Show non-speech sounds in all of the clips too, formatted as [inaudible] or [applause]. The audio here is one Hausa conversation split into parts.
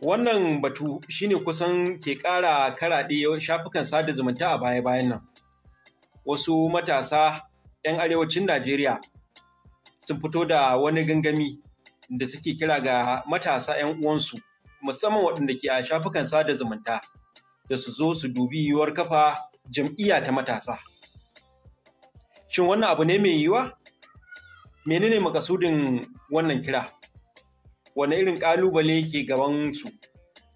Wannan batu shine kusan ke ƙara karaɗe shafukan sada zumunta a baya-bayan nan. Wasu matasa 'yan arewacin Najeriya sun fito da wani gangami da suke kira ga matasa 'yan uwansu musamman waɗanda ke a shafukan sada zumunta da su zo su dubi yiwuwar kafa jam'iyya ta matasa. Shin wannan abu ne mai yiwuwa? Menene makasudin wannan kira? wane irin ƙalubale ke gaban su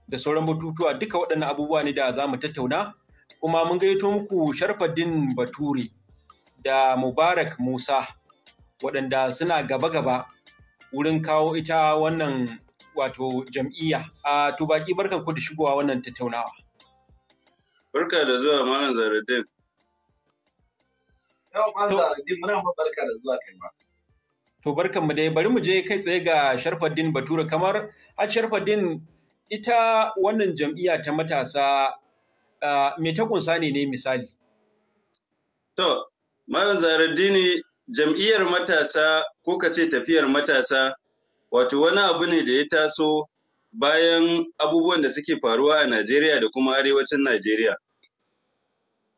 da sauran batutuwa duka waɗannan abubuwa ne da za mu tattauna kuma mun gaito muku sharfaddin bature da mubarak musa waɗanda suna gaba-gaba wurin kawo ita wannan wato jam'iyya a tubaki barkan ku da shigowa wannan tattaunawa barka da zuwa malam zaradin yau malam zaradin muna barka da zuwa kai ma To barkanmu dai bari mu je kai tsaye ga Sharfaddin Bature kamar a Sharfaddin ita wannan jam'iyya ta matasa me ta kunsa ne ne misali. To, Malam Zaharaddini jam'iyyar matasa ko ka ce tafiyar matasa wato wani abu ne da ya taso bayan abubuwan da suke faruwa a Najeriya da kuma arewacin Najeriya.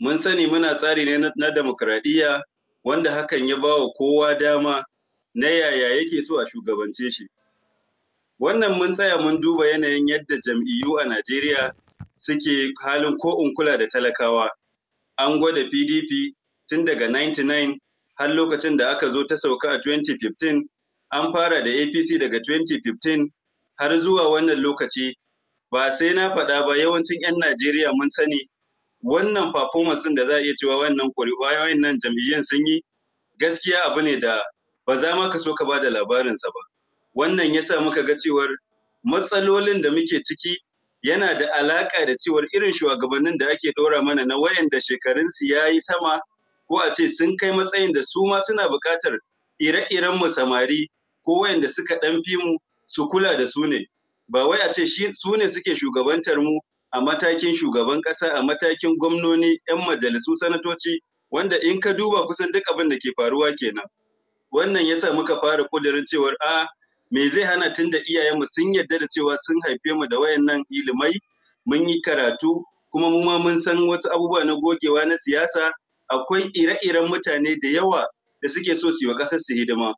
Mun sani muna tsari ne na demokradiyya wanda hakan ya ba wa kowa dama na yaya yake so a shugabance shi. Wannan mun tsaya mun duba yanayin yadda jam'iyyu a Najeriya suke halin ko kula da talakawa. An gwada PDP tun daga 99 har lokacin da aka zo ta sauka a 2015, an fara da APC daga 2015 har zuwa wannan lokaci ba sai na faɗa ba yawancin 'yan Najeriya mun sani wannan performance da za a iya cewa wannan ƙuri'u jam'iyyun sun yi gaskiya abu ne da ba za ma ka so ka bada da labarinsa ba. Wannan ya sa muka ga cewar matsalolin da muke ciki yana da alaƙa da cewar irin shugabannin da ake ɗora mana na wayanda shekarunsu ya yi sama ko a ce sun kai matsayin da su ma suna buƙatar ire-iren mu samari ko wayanda suka ɗan fi mu su kula da su ne. Ba wai a ce su ne suke shugabantar mu a matakin shugaban ƙasa a matakin gwamnoni 'yan majalisu sanatoci wanda in ka duba kusan duk abin da ke faruwa kenan. wannan ya sa muka fara kudirin cewar a me zai hana tun da iyayenmu sun yarda da cewa sun haife mu da wayannan ilimai mun yi karatu kuma mu ma mun san wasu abubuwa na gogewa na siyasa akwai ire-iren mutane da yawa da suke so su yi wa ƙasar su hidima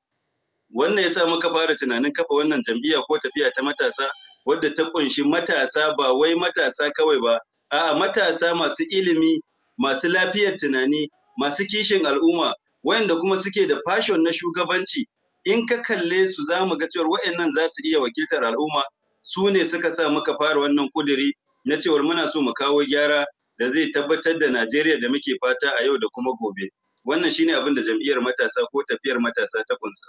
wannan ya sa muka fara tunanin kafa wannan jam'iyya ko tafiya ta matasa wadda ta ƙunshi matasa ba wai matasa kawai ba a'a matasa masu ilimi masu lafiyar tunani masu kishin al'umma wayanda kuma suke da fashon na shugabanci in ka kalle su za mu ga cewar wayannan za su iya wakiltar al'umma su ne suka sa muka fara wannan kudiri na cewar muna so mu kawo gyara da zai tabbatar da Najeriya da muke fata a yau da kuma gobe. Wannan shine abin da jam'iyyar matasa ko tafiyar matasa ta kunsa.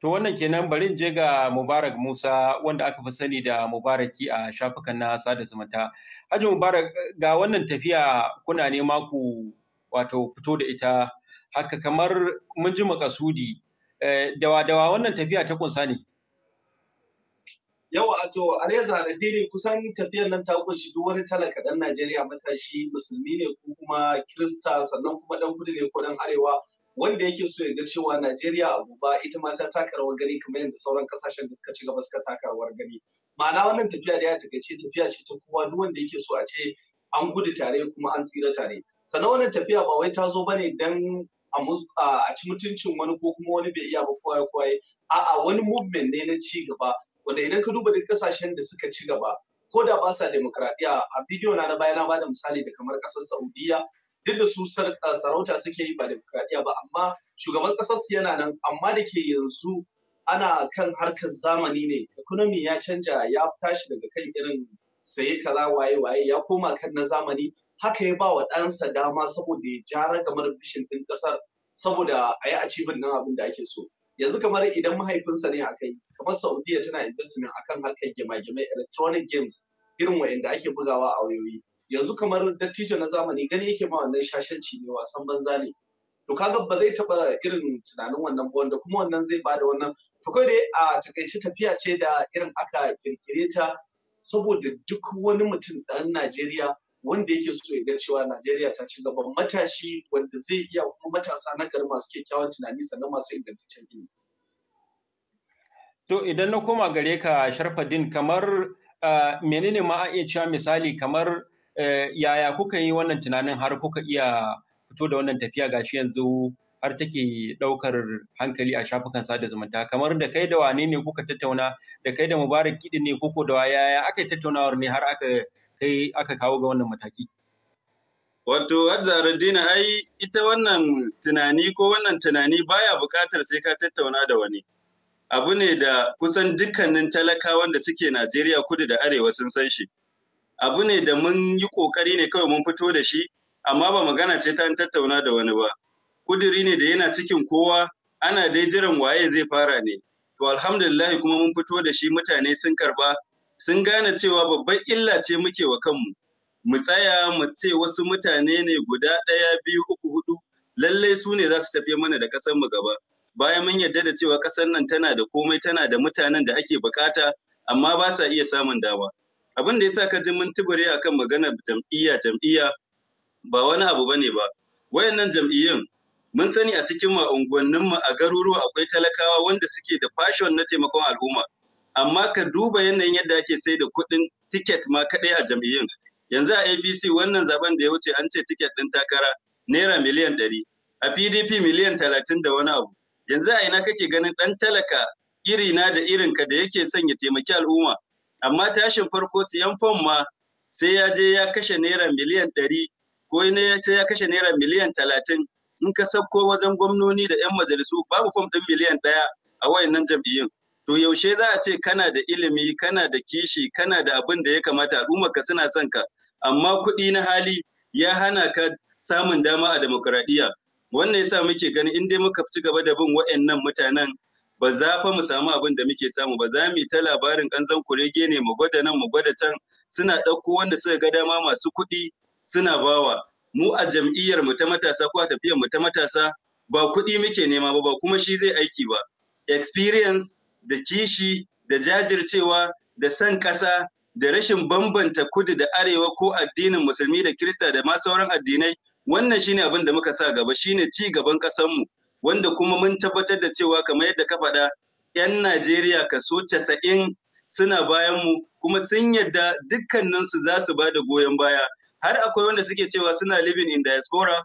To wannan kenan barin je ga Mubarak Musa wanda aka fi sani da Mubaraki a shafukan na sada zumunta. Haji Mubarak ga wannan tafiya kuna ne maku? wato fito da ita haka kamar mun ji makasudi dawa-dawa eh, wannan tafiya ta kunsa ne. Yawa to Areza da Dini kusan tafiyar nan ta kunshi duk wani talaka dan Najeriya matashi musulmi ne ko kuma Kirista sannan kuma ɗan kudu ne ko ɗan arewa wanda yake so ya ga cewa Najeriya abu ba ita ma ta taka rawar gani kamar yadda sauran kasashen da suka ci gaba suka taka rawar gani. Ma'ana wannan tafiya da ya tafiya ce ta kowa duk wanda yake so a ce an gudu tare kuma an tsira tare. sannan wannan tafiya ba wai ta zo ba ne don a ci mutuncin wani ko kuma wani bai iya ba kwaye kwaye a'a wani movement ne na ci gaba wanda idan ka duba duk kasashen da suka ci gaba ko da ba sa demokradiya a bidiyo na na baya na bada misali da kamar kasar Saudiya duk da su sarauta suke yi ba demokradiya ba amma shugaban kasar su yana nan amma da ke yanzu ana kan harkar zamani ne economy ya canja ya tashi daga kan irin saye kaza waye waye ya koma kan na zamani haka ya ba wa ɗansa dama saboda ya jara kamar bishin ɗin ƙasar saboda a yi achievement ɗin abin da ake so yanzu kamar idan mahaifinsa ne akai kamar saudiya tana investment akan harkar gima electronic games irin waanda ake bugawa a wayoyi yanzu kamar dattijo na zamani gani yake ma wannan shashanci ne wasan banza ne to kaga ba zai taba irin tunanin wannan ba wanda kuma wannan zai bada wannan to kai dai a takaice tafiya ce da irin aka kirkire ta saboda duk wani mutum ɗan Najeriya wanda yake so ya ga cewa Najeriya ta ci gaba matashi wanda zai iya kuma matasa na gari masu kyakkyawan tunani sannan masu ingantaccen ilimi. To idan na koma gare ka din kamar menene ma a iya cewa misali kamar e, yaya kuka yi wannan tunanin har kuka iya fito da wannan tafiya gashi yanzu har take ɗaukar hankali a shafukan sada zumunta kamar da kai da wane ne kuka tattauna da kai da mubarak kiɗi ne koko da yaya aka yi tattaunawar ne har aka kai aka kawo ga wannan mataki? Wato Hajjaruddina ai ita wannan tunani ko wannan tunani baya buƙatar sai ka tattauna da wani. Abu ne da kusan dukkanin talakawan da suke Najeriya kudu da arewa sun san shi. Abu ne da mun yi ƙoƙari ne kawai mun fito da shi, amma ba magana ce ta tattauna da wani ba. Kuduri ne da yana cikin kowa, ana dai jiran waye zai fara ne. To alhamdulillah kuma mun fito da shi mutane sun karɓa. sun gane cewa babbar illa ce muke wa kanmu mu tsaya mu ce wasu mutane ne guda ɗaya biyu uku hudu lallai su ne za su tafi mana da ƙasar mu gaba bayan mun yarda da cewa ƙasar nan tana da komai tana da mutanen da ake bukata amma ba sa iya samun dawa. abin da yasa ka ji mun tubure akan maganar jam'iyya jam'iyya ba wani abu bane ba wayannan jam'iyyun mun sani a cikin unguwannin mu a garuruwa akwai talakawa wanda suke da fashon na taimakon al'umma amma ka duba yanayin yadda ake sai da kuɗin tiket ma kaɗai a jam'iyyun yanzu a apc wannan zaben da ya wuce an ce tiket ɗin takara naira miliyan ɗari a pdp miliyan talatin da wani abu yanzu a ina kake ganin ɗan talaka irina da irin ka da yake son ya taimaki al'umma amma tashin farko siyan fom ma sai ya je ya kashe naira miliyan ɗari ko sai ya kashe naira miliyan talatin in ka sabko wajen gwamnoni da 'yan majalisu babu fom ɗin miliyan ɗaya a wayannan jam'iyyun to yaushe za a ce kana da ilimi kana da kishi kana da abin da ya kamata ka suna son ka amma kuɗi na hali ya hana ka samun dama a demokradiyya wannan yasa muke ganin in dai muka ci gaba da bin wa'annan mutanen ba za fa mu samu abin da muke samu ba za mu yi ta labarin zan kurege ne mu gwada nan mu gwada can suna ɗauko wanda suka ga dama masu kuɗi suna bawa mu a jam'iyyar mu ta matasa ko a tafiyar mu ta matasa ba kuɗi muke nema ba ba kuma shi zai aiki ba experience da kishi da jajircewa da san ƙasa da rashin bambanta kudu da arewa ko addinin musulmi da kirista da ma sauran addinai wannan shine abin da muka sa gaba shine ci gaban ƙasanmu wanda kuma mun tabbatar da cewa kamar yadda ka faɗa 'yan Najeriya kaso casa'in suna bayan mu kuma sun yadda dukkaninsu za su ba da goyon baya har akwai wanda suke cewa suna living in diaspora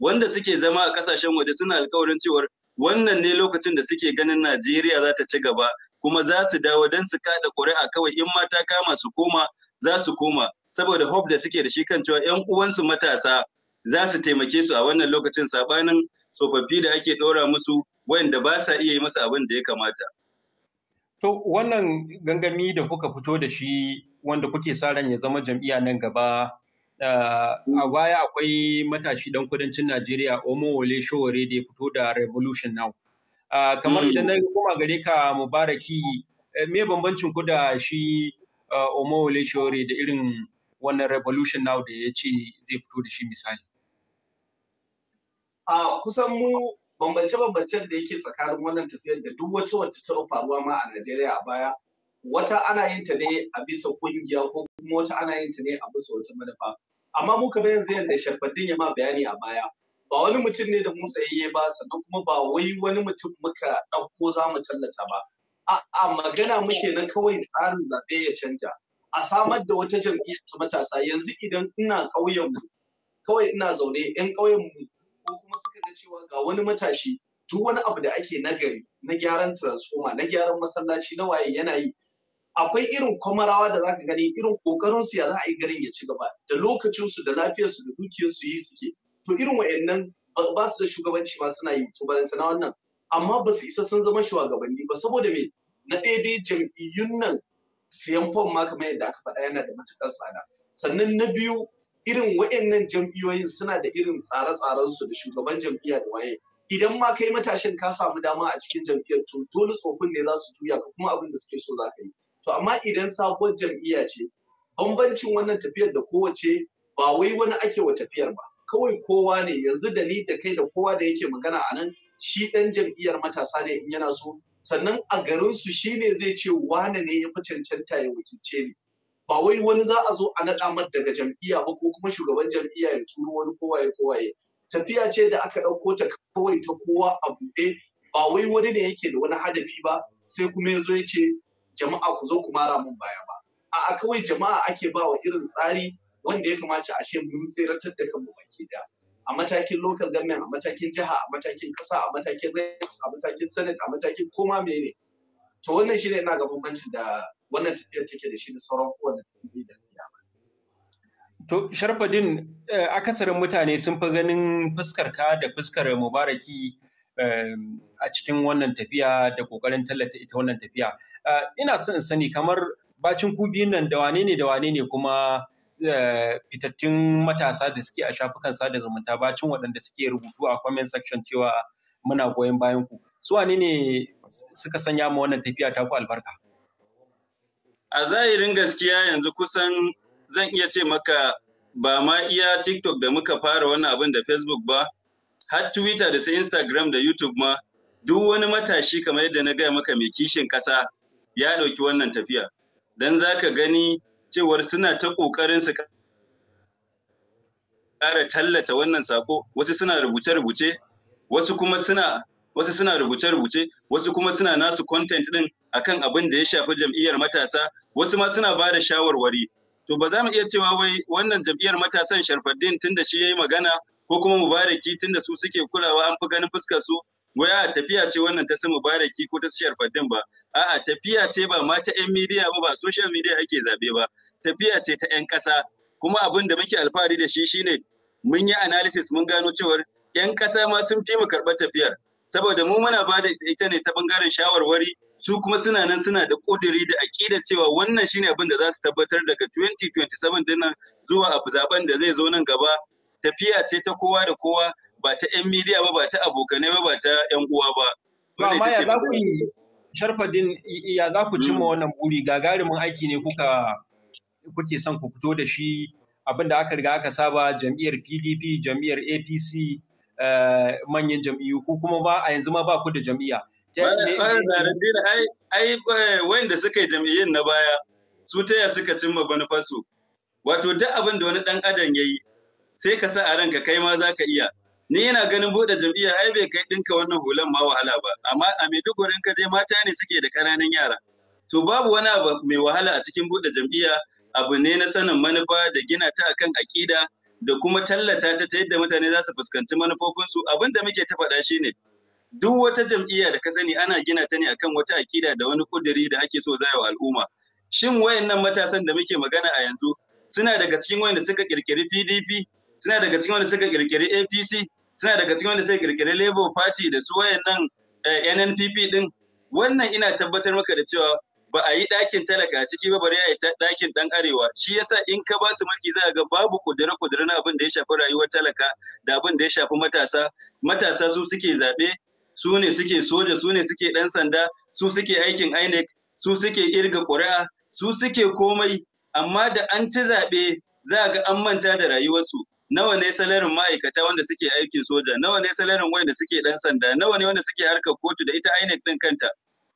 wanda suke zama a kasashen waje suna alkawarin cewar wannan ne lokacin da suke ganin Najeriya za ta ci gaba kuma za su dawo don su kada ƙuri'a kawai in mata kama su koma za su koma saboda hope da suke da shi kan cewa ƴan uwansu matasa za su taimake su a wannan lokacin sabanin tsofaffi da ake ɗora musu wanda ba sa iya yi musu abin da ya kamata. To wannan gangami da kuka fito da shi wanda kuke sa ran ya zama jam'iyya nan gaba a baya akwai matashi dan kudancin Najeriya Omo Wole Showore da ya fito da Revolution Now. kamar idan na koma gare ka Mubaraki eh, me bambancin ku da shi eh, Omo Wole Showore da irin wannan Revolution Now da ya ce zai fito da shi misali. A kusan mu bambance-bambancen da yake tsakanin wannan tafiyar da duk wata wacce ta faruwa ma a Najeriya a baya wata ana yin ta ne a bisa kungiya ko kuma wata ana yin ta ne a bisa wata manufa amma muka bayan zai da shafaddin ya ma bayani a baya ba wani mutum ne da mu tsayayye ba sannan kuma ba wai wani mutum muka ɗauko za mu tallata ba a'a magana muke na kawai tsarin zaɓe ya canja a samar da wata jam'iyyar ta matasa yanzu idan ina ƙauyen mu kawai ina zaune yan ƙauyen mu ko kuma suka ga cewa ga wani matashi duk wani abu da ake nagari na gyaran transformer na gyaran masallaci na waye yana yi akwai irin kwamarawa da zaka gani irin kokarin su ya za a yi garin ya ci gaba da lokacin su da lafiyar su da dukiyar su yi suke to irin wayannan ba su da shugabanci ma suna yi to balanta na wannan amma ba su isa sun zama shugabanni ba saboda me na ɗaya dai jam'iyyun nan siyan fom ma kamar yadda aka faɗa yana da matuƙar tsada sannan na biyu irin wayannan jam'iyyoyin suna da irin tsare-tsaren su da shugaban jam'iyya da waye idan ma kai matashin ka samu dama a cikin jam'iyyar to dole tsofin ne za su juya ka kuma abin da suke so za ka yi to amma idan sabuwar jam'iyya ce bambancin wannan tafiyar da kowace ba wai wani ake wa tafiyar ba kawai kowa ne yanzu da ni da kai da kowa da yake magana a nan shi ɗan jam'iyyar matasa ne in yana so sannan a garinsu shi ne zai ce wane ne ya fi cancanta ya wakilce ni ba wai wani za a zo a naɗa mata daga jam'iyya ba ko kuma shugaban jam'iyya ya turo wani kowaye kowaye tafiya ce da aka ɗauko ta kawai ta kowa a buɗe ba wai wani ne yake da wani hadafi ba sai kuma ya zo ya ce jama'a ku zo ku mara mun baya ba a'a kawai jama'a ake ba wa irin tsari wanda ya kamata a ce mun tseratar da kanmu baki da a matakin local government a matakin jiha a matakin kasa a matakin rex a matakin senate a matakin koma mene to wannan shine ina ga bambancin da wannan tafiyar take da shi da sauran kowanne tafiyar da To Sharfadin eh, akasarin mutane sun fi ganin fuskar ka da fuskar Mubaraki eh, a cikin wannan tafiya da kokarin tallata ita wannan tafiya. Eh, ina son sani kamar bacin ku biyun nan da wane ne da wane ne kuma eh, fitattun matasa da suke a shafukan sada zumunta bacin waɗanda suke rubutu a comment section cewa muna goyon bayan ku su wane ne suka sanya ma wannan tafiya ta ku albarka a zahirin gaskiya yanzu kusan zan iya ce maka ba ma iya tiktok da muka fara wannan abin da facebook ba har twitter da sai instagram da youtube ma duk wani matashi kamar yadda na gaya maka mai kishin kasa ya ɗauki wannan tafiya don za ka gani cewar suna ta ƙoƙarin su ƙara tallata wannan sako wasu suna rubuce-rubuce wasu kuma suna wasu suna rubuce-rubuce wasu kuma suna nasu content ɗin akan abin da ya shafi jam'iyyar matasa wasu ma suna ba da shawarwari to ba za mu iya cewa wai wannan jam'iyyar matasan sharfaddin da shi ya yi magana ko kuma mubaraki da su suke kulawa an fi ganin fuskar su wai a tafiya ce wannan ta sama baraki ko ta shiyar faddin ba a'a tafiya ce ba ma ta yan midiya ba ba social media ake zabe ba tafiya ce ta yan ƙasa kuma abin da muke alfahari da shi shine mun yi analysis mun gano cewar yan ƙasa ma sun fi mu karɓar tafiyar saboda mu muna ba da ita ne ta bangaren shawarwari su kuma suna nan suna da ƙudiri da aƙida cewa wannan shine abin da za su tabbatar daga 2027 dinnan zuwa abu zaben da zai zo nan gaba tafiya ce ta kowa da kowa ba ta yan midiya ba ba ta abokanai ba ba ta yan uwa ba Ba amma ya za ku yi sharfadin ya za ku cimma hmm. wannan buri gagarumin aiki ne kuka kuke son ku fito da shi abin da aka riga aka saba jam'iyyar PDP jam'iyyar APC eh, manyan jam'iyyu ko kuma ba a yanzu ma ba ku da jam'iyya ai wanda suka yi jam'iyyun na baya su ta ya suka cimma manufarsu wato duk abin da wani dan adam ya yi sai ka sa a ranka kai ma za ka iya ni yana ganin buɗe jam'iyya ai bai kai dinka wannan hulan ma wahala ba amma a Maiduguri ka je mata ne suke da ƙananan yara to babu wani abu mai wahala a cikin buɗe jam'iyya abu ne na sanin manufa da gina ta akan aƙida da kuma tallata ta ta yadda mutane za su fuskanci manufofinsu abin da muke ta faɗa shine duk wata jam'iyya da ka sani ana gina ta ne akan wata aƙida da wani kuduri da ake so za wa al'umma shin wayannan matasan da muke magana a yanzu suna daga cikin wayanda suka kirkiri PDP suna daga cikin wanda suka kirkiri apc suna daga cikin wanda suka kirkiri labour party da su wayannan eh, nnpp din wannan ina tabbatar maka da cewa ba a yi ɗakin talaka a ciki ba bari a yi ɗakin ɗan arewa shi yasa in ka ba su mulki za ga babu kudura kudura na abin da ya shafi rayuwar talaka da abin da ya shafi matasa matasa su suke zaɓe su ne suke soja su ne suke ɗan sanda su suke aikin inec su suke irga ƙuri'a su suke komai amma da an ci zaɓe za ga an manta da rayuwarsu nawa ne salarin ma'aikata wanda suke aikin soja nawa ne salarin wanda suke dan sanda nawa ne wanda suke harkar kotu da ita INEC din kanta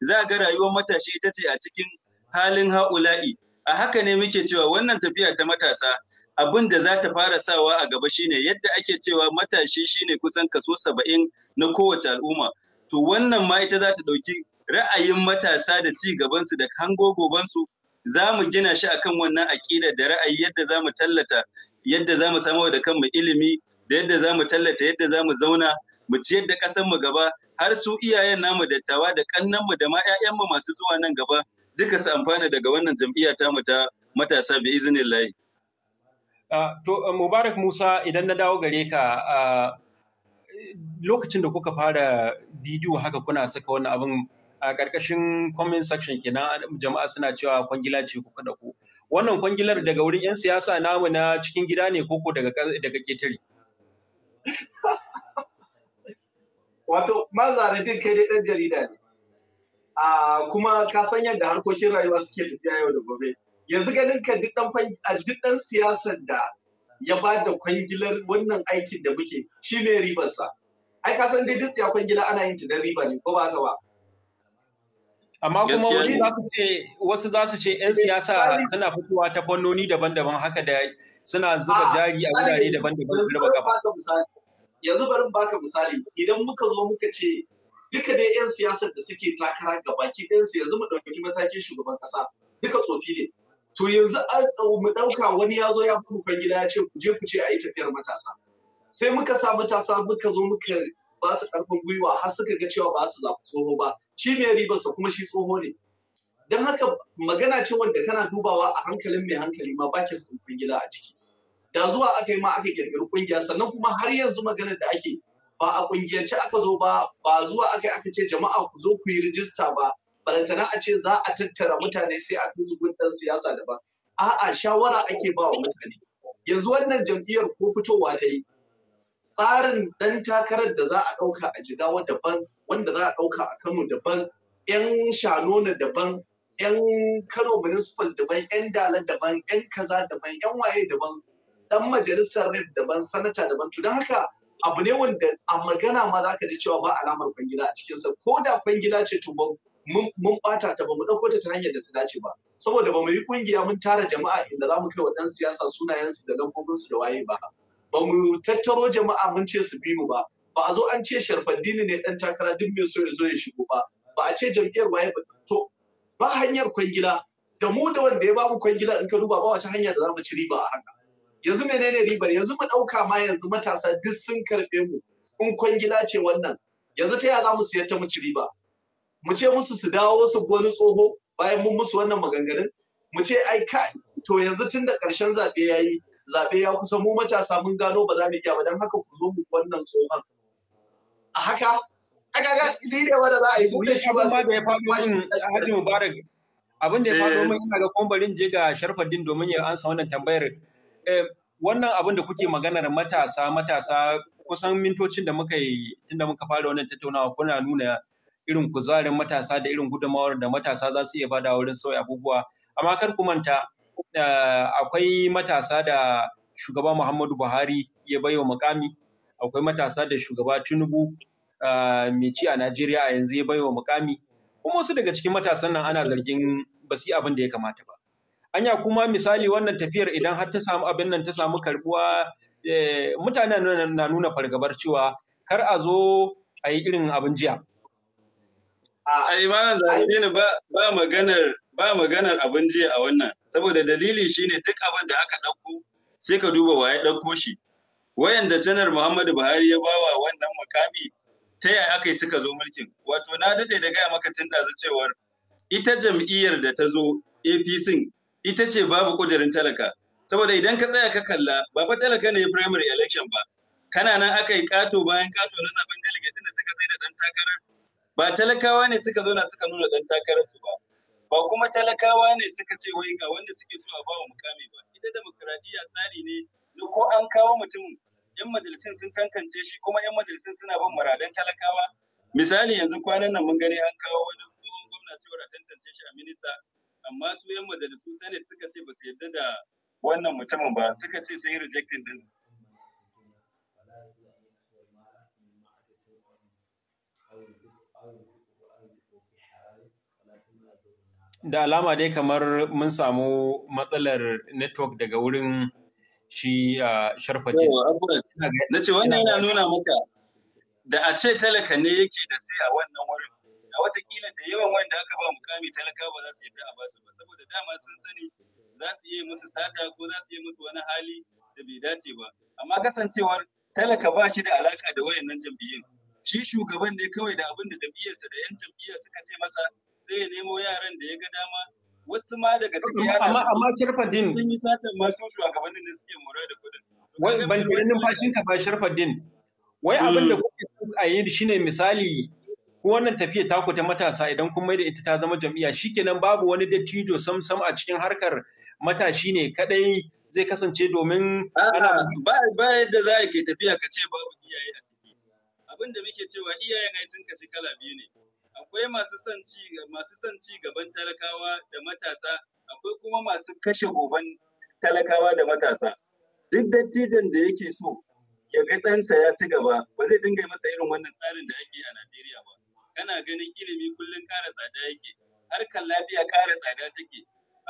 za ga rayuwar matashi ita ce a cikin halin ha'ula'i a haka ne muke cewa wannan tafiya ta matasa abin da za ta fara sawa a gaba shine yadda ake cewa matashi shine kusan kaso saba'in na kowace al'umma to wannan ma ita za ta ɗauki ra'ayin matasa da ci gabansu da hango gobansu za mu gina shi akan wannan aƙida da ra'ayi yadda za mu tallata yadda za mu samar da kanmu ilimi da yadda za mu tallata yadda za mu zauna mu ciyar da ƙasanmu gaba har su iyayen namu dattawa da ƙannanmu da ma 'ya'yanmu masu zuwa nan gaba duka su amfana daga wannan jam'iyya mu ta matasa bi izinin layi. Ah, to eh, Mubarak Musa idan na dawo gare ka ah, lokacin da kuka fara bidiyo haka kuna saka wannan abin a ƙarƙashin comment section kenan jama'a suna cewa kwangila ce kuka da wannan kwangilar daga wurin 'yan siyasa namu na cikin gida ne koko daga daga ketare [laughs] wato mazaradin kai dai dan jarida ne a kuma ka san yadda harkokin rayuwa suke tafiya yau da gobe yanzu ganin ka duk dan duk siyasar da ya ba da kwangilar wannan aikin da muke shine ribarsa ai ka san dai duk tsaya kwangila ana yin ta dan riba ne ko ba ka ba amma kuma wasu za su ce wasu za su ce yan siyasa suna fitowa ta fannoni daban-daban haka da suna zuba ah, jari a wurare daban-daban su raba gaba. yanzu bari baka misali idan muka zo muka ce duka dai yan siyasar da suke takara ga baki ɗayan su yanzu mu ɗauki matakin shugaban ƙasa duka tsofi ne to yanzu an mu ɗauka wani ya zo ya fi gida ya ce ku je ku ce a yi tafiyar matasa sai muka sa matasa muka zo muka ba su ƙarfin gwiwa har suka ga cewa ba su zafi tsoro ba shi mai ribarsa kuma shi tsoho ne don haka magana ce wanda kana dubawa a hankalin mai hankali ma ba ke tsohon gida a ciki da zuwa aka yi ma aka kirkiri kungiya sannan kuma har yanzu maganar da ake ba a kungiyance aka zo ba ba zuwa aka aka ce jama'a ku zo ku yi rijista ba balantana a ce za a tattara mutane sai a kai zugun dan siyasa da ba a'a shawara ake ba wa mutane yanzu wannan jam'iyyar ko fitowa ta yi tsarin dan takarar da za a ɗauka a jigawa daban wanda za a ɗauka a Kano daban, 'yan Shanona daban, 'yan Kano municipal daban, 'yan Dala daban, 'yan kaza daban, 'yan waye daban, ɗan majalisar rep daban, sanata daban. To don haka abu ne wanda a magana ma za ka ji cewa ba alamar kwangila a cikinsa ko da kwangila ce to mun bata ta ba mu ɗauko ta ta hanyar da ta dace ba saboda ba mu yi kungiya mun tara jama'a inda za mu kai wa ɗan siyasa sunayensu da lambobinsu da waye ba ba mu tattaro jama'a mun ce su bi mu ba ba a zo an ce sharfaddini ne dan takara duk mai so ya zo ya shigo ba ba a ce jam'iyyar waye ba to ba hanyar kwangila da mu da wanda ya mu kwangila in ka duba ba wace hanya da za mu ci riba a haka yanzu menene ribar yanzu mu dauka ma yanzu matasa duk sun karbe mu in kwangila ce wannan yanzu ta yaya za mu siyar ta mu ci riba mu ce musu su dawo su wani tsoho bayan mun musu wannan maganganun mu ce ai kai to yanzu tun da ƙarshen zaɓe ya yi zaɓe ya kusa mu matasa mun gano ba za mu iya ba don haka ku zo mu wannan tsohon a haka a ga zai wanda za a yi bude shi ba su ya faɗo Hajji Mubarak abin ya faɗo min ina ga kombarin je ga Sharfaddin domin ya ansa wannan tambayar eh, wannan abin da kuke maganar matasa matasa kusan mintocin da muka yi tunda muka fara wannan tattaunawa kuna nuna irin kuzarin matasa da irin gudunmawar da matasa za su iya bada wurin sauya abubuwa amma kar ku manta eh, akwai matasa da shugaba Muhammadu Buhari ya baiwa mukami akwai matasa da shugaba Tinubu mai ci a Najeriya a yanzu ya bai wa mukami kuma wasu daga cikin matasan nan ana zargin ba su yi abin da ya kamata ba. Anya kuma misali wannan tafiyar idan har ta samu abin nan ta samu karbuwa eh, mutane na nuna fargabar cewa kar a zo a yi irin abin jiya. A imanin zahiri ne ba maganar ba maganar abin jiya a wannan saboda dalili shine duk abin da aka ɗauko sai ka duba waye ɗauko shi. Wayanda janar Muhammadu Buhari ya bawa wannan mukami ta yaya aka yi suka zo mulkin wato na daɗe da gaya maka tun da cewar ita jam'iyyar da ta zo apc ita ce babu ƙudurin talaka saboda idan ka tsaya ka kalla ba fa talaka ne primary election ba kana nan aka yi kato bayan kato na zaben delegate da suka tsaye da dan takarar ba talakawa ne suka zo na suka nuna ɗan takarar su ba ba kuma talakawa ne suka ce wai ga wanda suke so a wa mukami ba ita demokradiyya tsari ne na ko an kawo mutumin 'yan majalisun sun tantance shi kuma 'yan majalisun suna bin muradan talakawa misali yanzu kwanan nan mun gani an kawo wani tsohon gwamnati cewar tantance shi a minista amma su 'yan majalisun senate suka ce ba su yarda da wannan mutumin ba suka ce sun yi rejecting din da alama dai kamar mun samu matsalar network daga wurin shi sharfaje na ce wannan yana nuna maka da a ce talaka ne yake da sai a wannan wurin A watakila da yawan wanda aka ba mukami talaka ba za su yadda a basu ba saboda dama sun sani za su yi musu sata ko za su yi musu wani hali da bai dace ba amma kasancewar talaka ba shi da alaka da wayannan jam'iyyun shi shugaban ne kawai da abin da jam'iyyarsa da 'yan jam'iyyar suka ce masa sai ya nemo yaran da ya ga dama wasu ma daga cikin yara amma amma sharfaddin sun yi satan masu shugabannin da suke mura da kudin wai ban kira numfashin ka ba sharfaddin wai abin da mm. kuke so a yi shine misali ko wannan tafiya ta ku ta matasa idan kun maida ita ta zama jam'iyya shikenan babu wani dattijo sam sam a cikin harkar matashi ne kadai zai kasance domin ana ba ba yadda za ka tafiya ka ce babu iyaye a ciki abin da muke cewa iyayen ai sun kashi kala biyu ne akwai masu son ci masu son ci gaban talakawa da matasa akwai kuma masu kashe goban talakawa da matasa duk dattijan da yake so ya ga ɗansa ya ci gaba ba zai dinga masa irin wannan tsarin da ake a Najeriya ba kana ganin ilimi kullum ƙara tsada yake harkar lafiya ƙara tsada take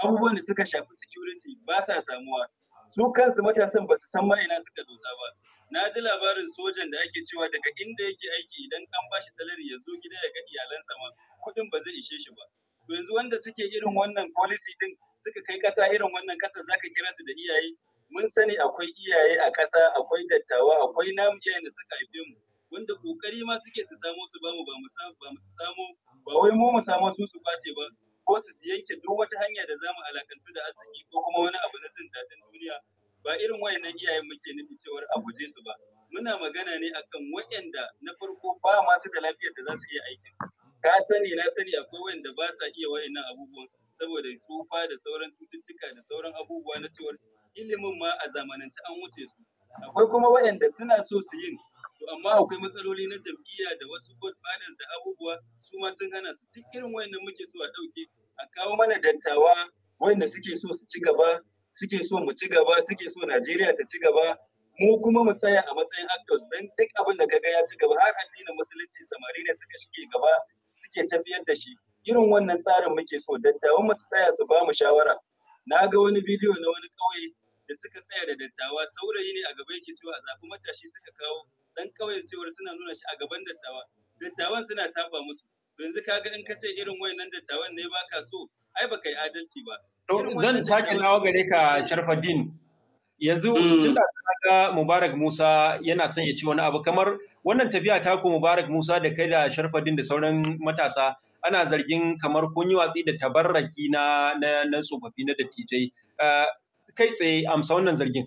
abubuwan da suka shafi security ba sa samuwa su kansu matasan ba su san ma ina suka dosa ba na ji labarin sojan da ake cewa daga inda yake aiki idan an bashi salari ya zo gida ya ga iyalansa ma kuɗin ba zai ishe shi ba to yanzu wanda suke irin wannan policy din suka kai ƙasa irin wannan kasa zaka kira su da iyaye mun sani akwai iyaye a ƙasa akwai dattawa akwai namu iyayen da suka haife mu wanda kokari ma suke su samo su bamu ba mu ba mu samo ba wai mu mu samo su su kwace ba ko su yanke duk wata hanya da zamu alakantu da arziki ko kuma wani abu na jin daɗin duniya ba irin wayannan iyayen muke nufi cewar a guje su ba muna magana ne akan wayanda na farko ba masu da lafiyar da za su iya aikin ka sani na sani akwai wayanda ba sa iya wayannan abubuwan saboda tsufa da sauran cututtuka da sauran abubuwa na cewar ilimin ma a zamanance an wuce su akwai kuma wayanda suna so su yin to amma akwai matsaloli na jam'iyya da wasu god fathers da abubuwa su ma sun hana su duk irin wayannan muke so a dauke a kawo mana dattawa wayanda suke so su ci gaba suke so mu ci gaba suke so Najeriya ta ci gaba mu kuma mu tsaya a matsayin actors don duk abin da kaga ya ci gaba har addinin musulunci samari ne suka shige gaba suke tafiyar da shi irin wannan tsarin muke so dattawan mu su tsaya su ba mu shawara na ga wani bidiyo na wani ƙauye da suka tsaya da dattawa saurayi ne a gaba yake cewa a zaɓi matashi suka kawo dan ƙauyen cewar suna nuna shi a gaban dattawa dattawan suna tafa musu yanzu kaga in ka ce irin wayannan dattawan ne baka so ai baka yi adalci ba Zan sake dawo gare ka Sharfaddin. Yanzu hmm. tun da ga Mubarak Musa yana son ya ci wani abu kamar wannan tafiya ta ku Mubarak Musa da kai da Sharfaddin da sauran matasa ana zargin kamar kun yi watsi da tabarraki na na tsofaffi na dattijai. Eh, kai tsaye amsa wannan zargin.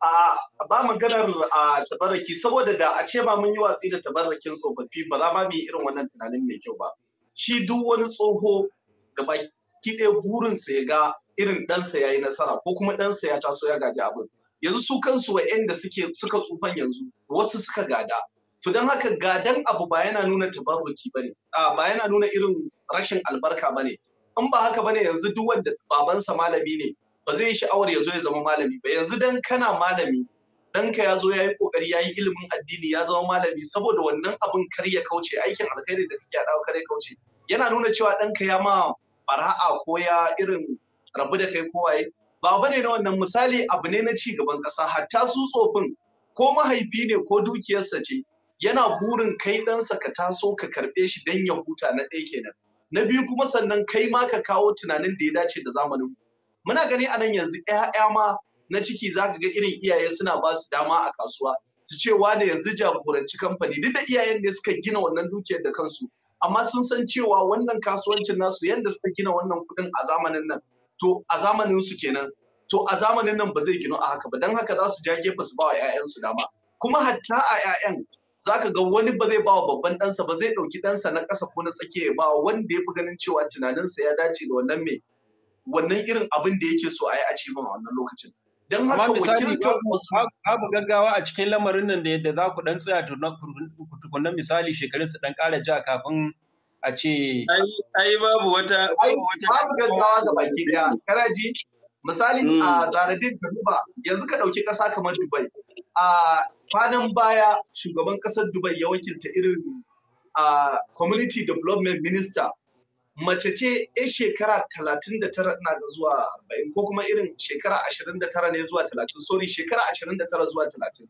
a ba maganar a tabarraki saboda da a ce ba mun yi watsi da tabarrakin tsofaffi ba za ma mu yi irin wannan tunanin mai kyau ba shi duk wani tsoho gaba baki ɗaya burinsa ya ga irin ɗansa ya yi nasara ko kuma ɗansa ya taso ya gaji abin yanzu su kansu wa'yanda suke suka tsufan yanzu wasu suka gada to don haka gadan abu ba yana nuna tabarruki bane ba yana nuna irin rashin albarka bane in ba haka bane yanzu duk wanda babansa malami ne ba zai yi sha'awar ya zo ya zama malami ba yanzu dan kana malami ɗanka ya zo ya yi ƙoƙari ya yi ilimin addini ya zama malami saboda wannan abin kar ya kauce aikin alkhairi da kake haɗawa kar ya kauce yana nuna cewa ɗanka ya ma fara'a ko ya irin rabu da kai kowaye ba ne na wannan misali abu ne na ci gaban ƙasa hatta su tsofin ko mahaifi ne ko dukiyarsa ce yana burin kai ɗansa ka taso ka karɓe shi don ya huta na ɗaya kenan na biyu kuma sannan kai ma ka kawo tunanin da ya dace da zamanin muna gani a nan yanzu ‘ya'ya ma na ciki za ka ga irin iyaye suna ba su dama a kasuwa su ce wane yanzu jagoranci kamfani duk da iyayen ne suka gina wannan dukiyar da kansu amma sun san cewa wannan kasuwancin nasu yadda suka gina wannan kudin a zamanin nan to a zamanin su kenan to a zamanin nan ba zai ginu a haka ba don haka za su ja gefe su ba wa 'ya'yansu dama kuma hatta a 'ya'yan zaka ga wani ba zai bawa babban ɗansa ba zai ɗauki ɗansa na ƙasa ko na tsakiya ya bawa wanda ya fi ganin cewa tunaninsa ya dace da wannan me wannan irin abin da yake so a yi a cikin wannan lokacin don haka wakiltar babu gaggawa a cikin lamarin nan da yadda za ku dan tsaya tukunan misali shekarun su dan ƙara ja kafin a ce ai babu wata babu gaggawa ga baki daya karaji misali mm. a zaradin duba yanzu ka ɗauki ƙasa kamar dubai a kwanan baya shugaban ƙasar dubai ya wakilta irin community development minister mace ce 'yan shekara 39 na zuwa 40 ko kuma irin shekara 29 ne zuwa 30 sorry shekara 29 zuwa talatin.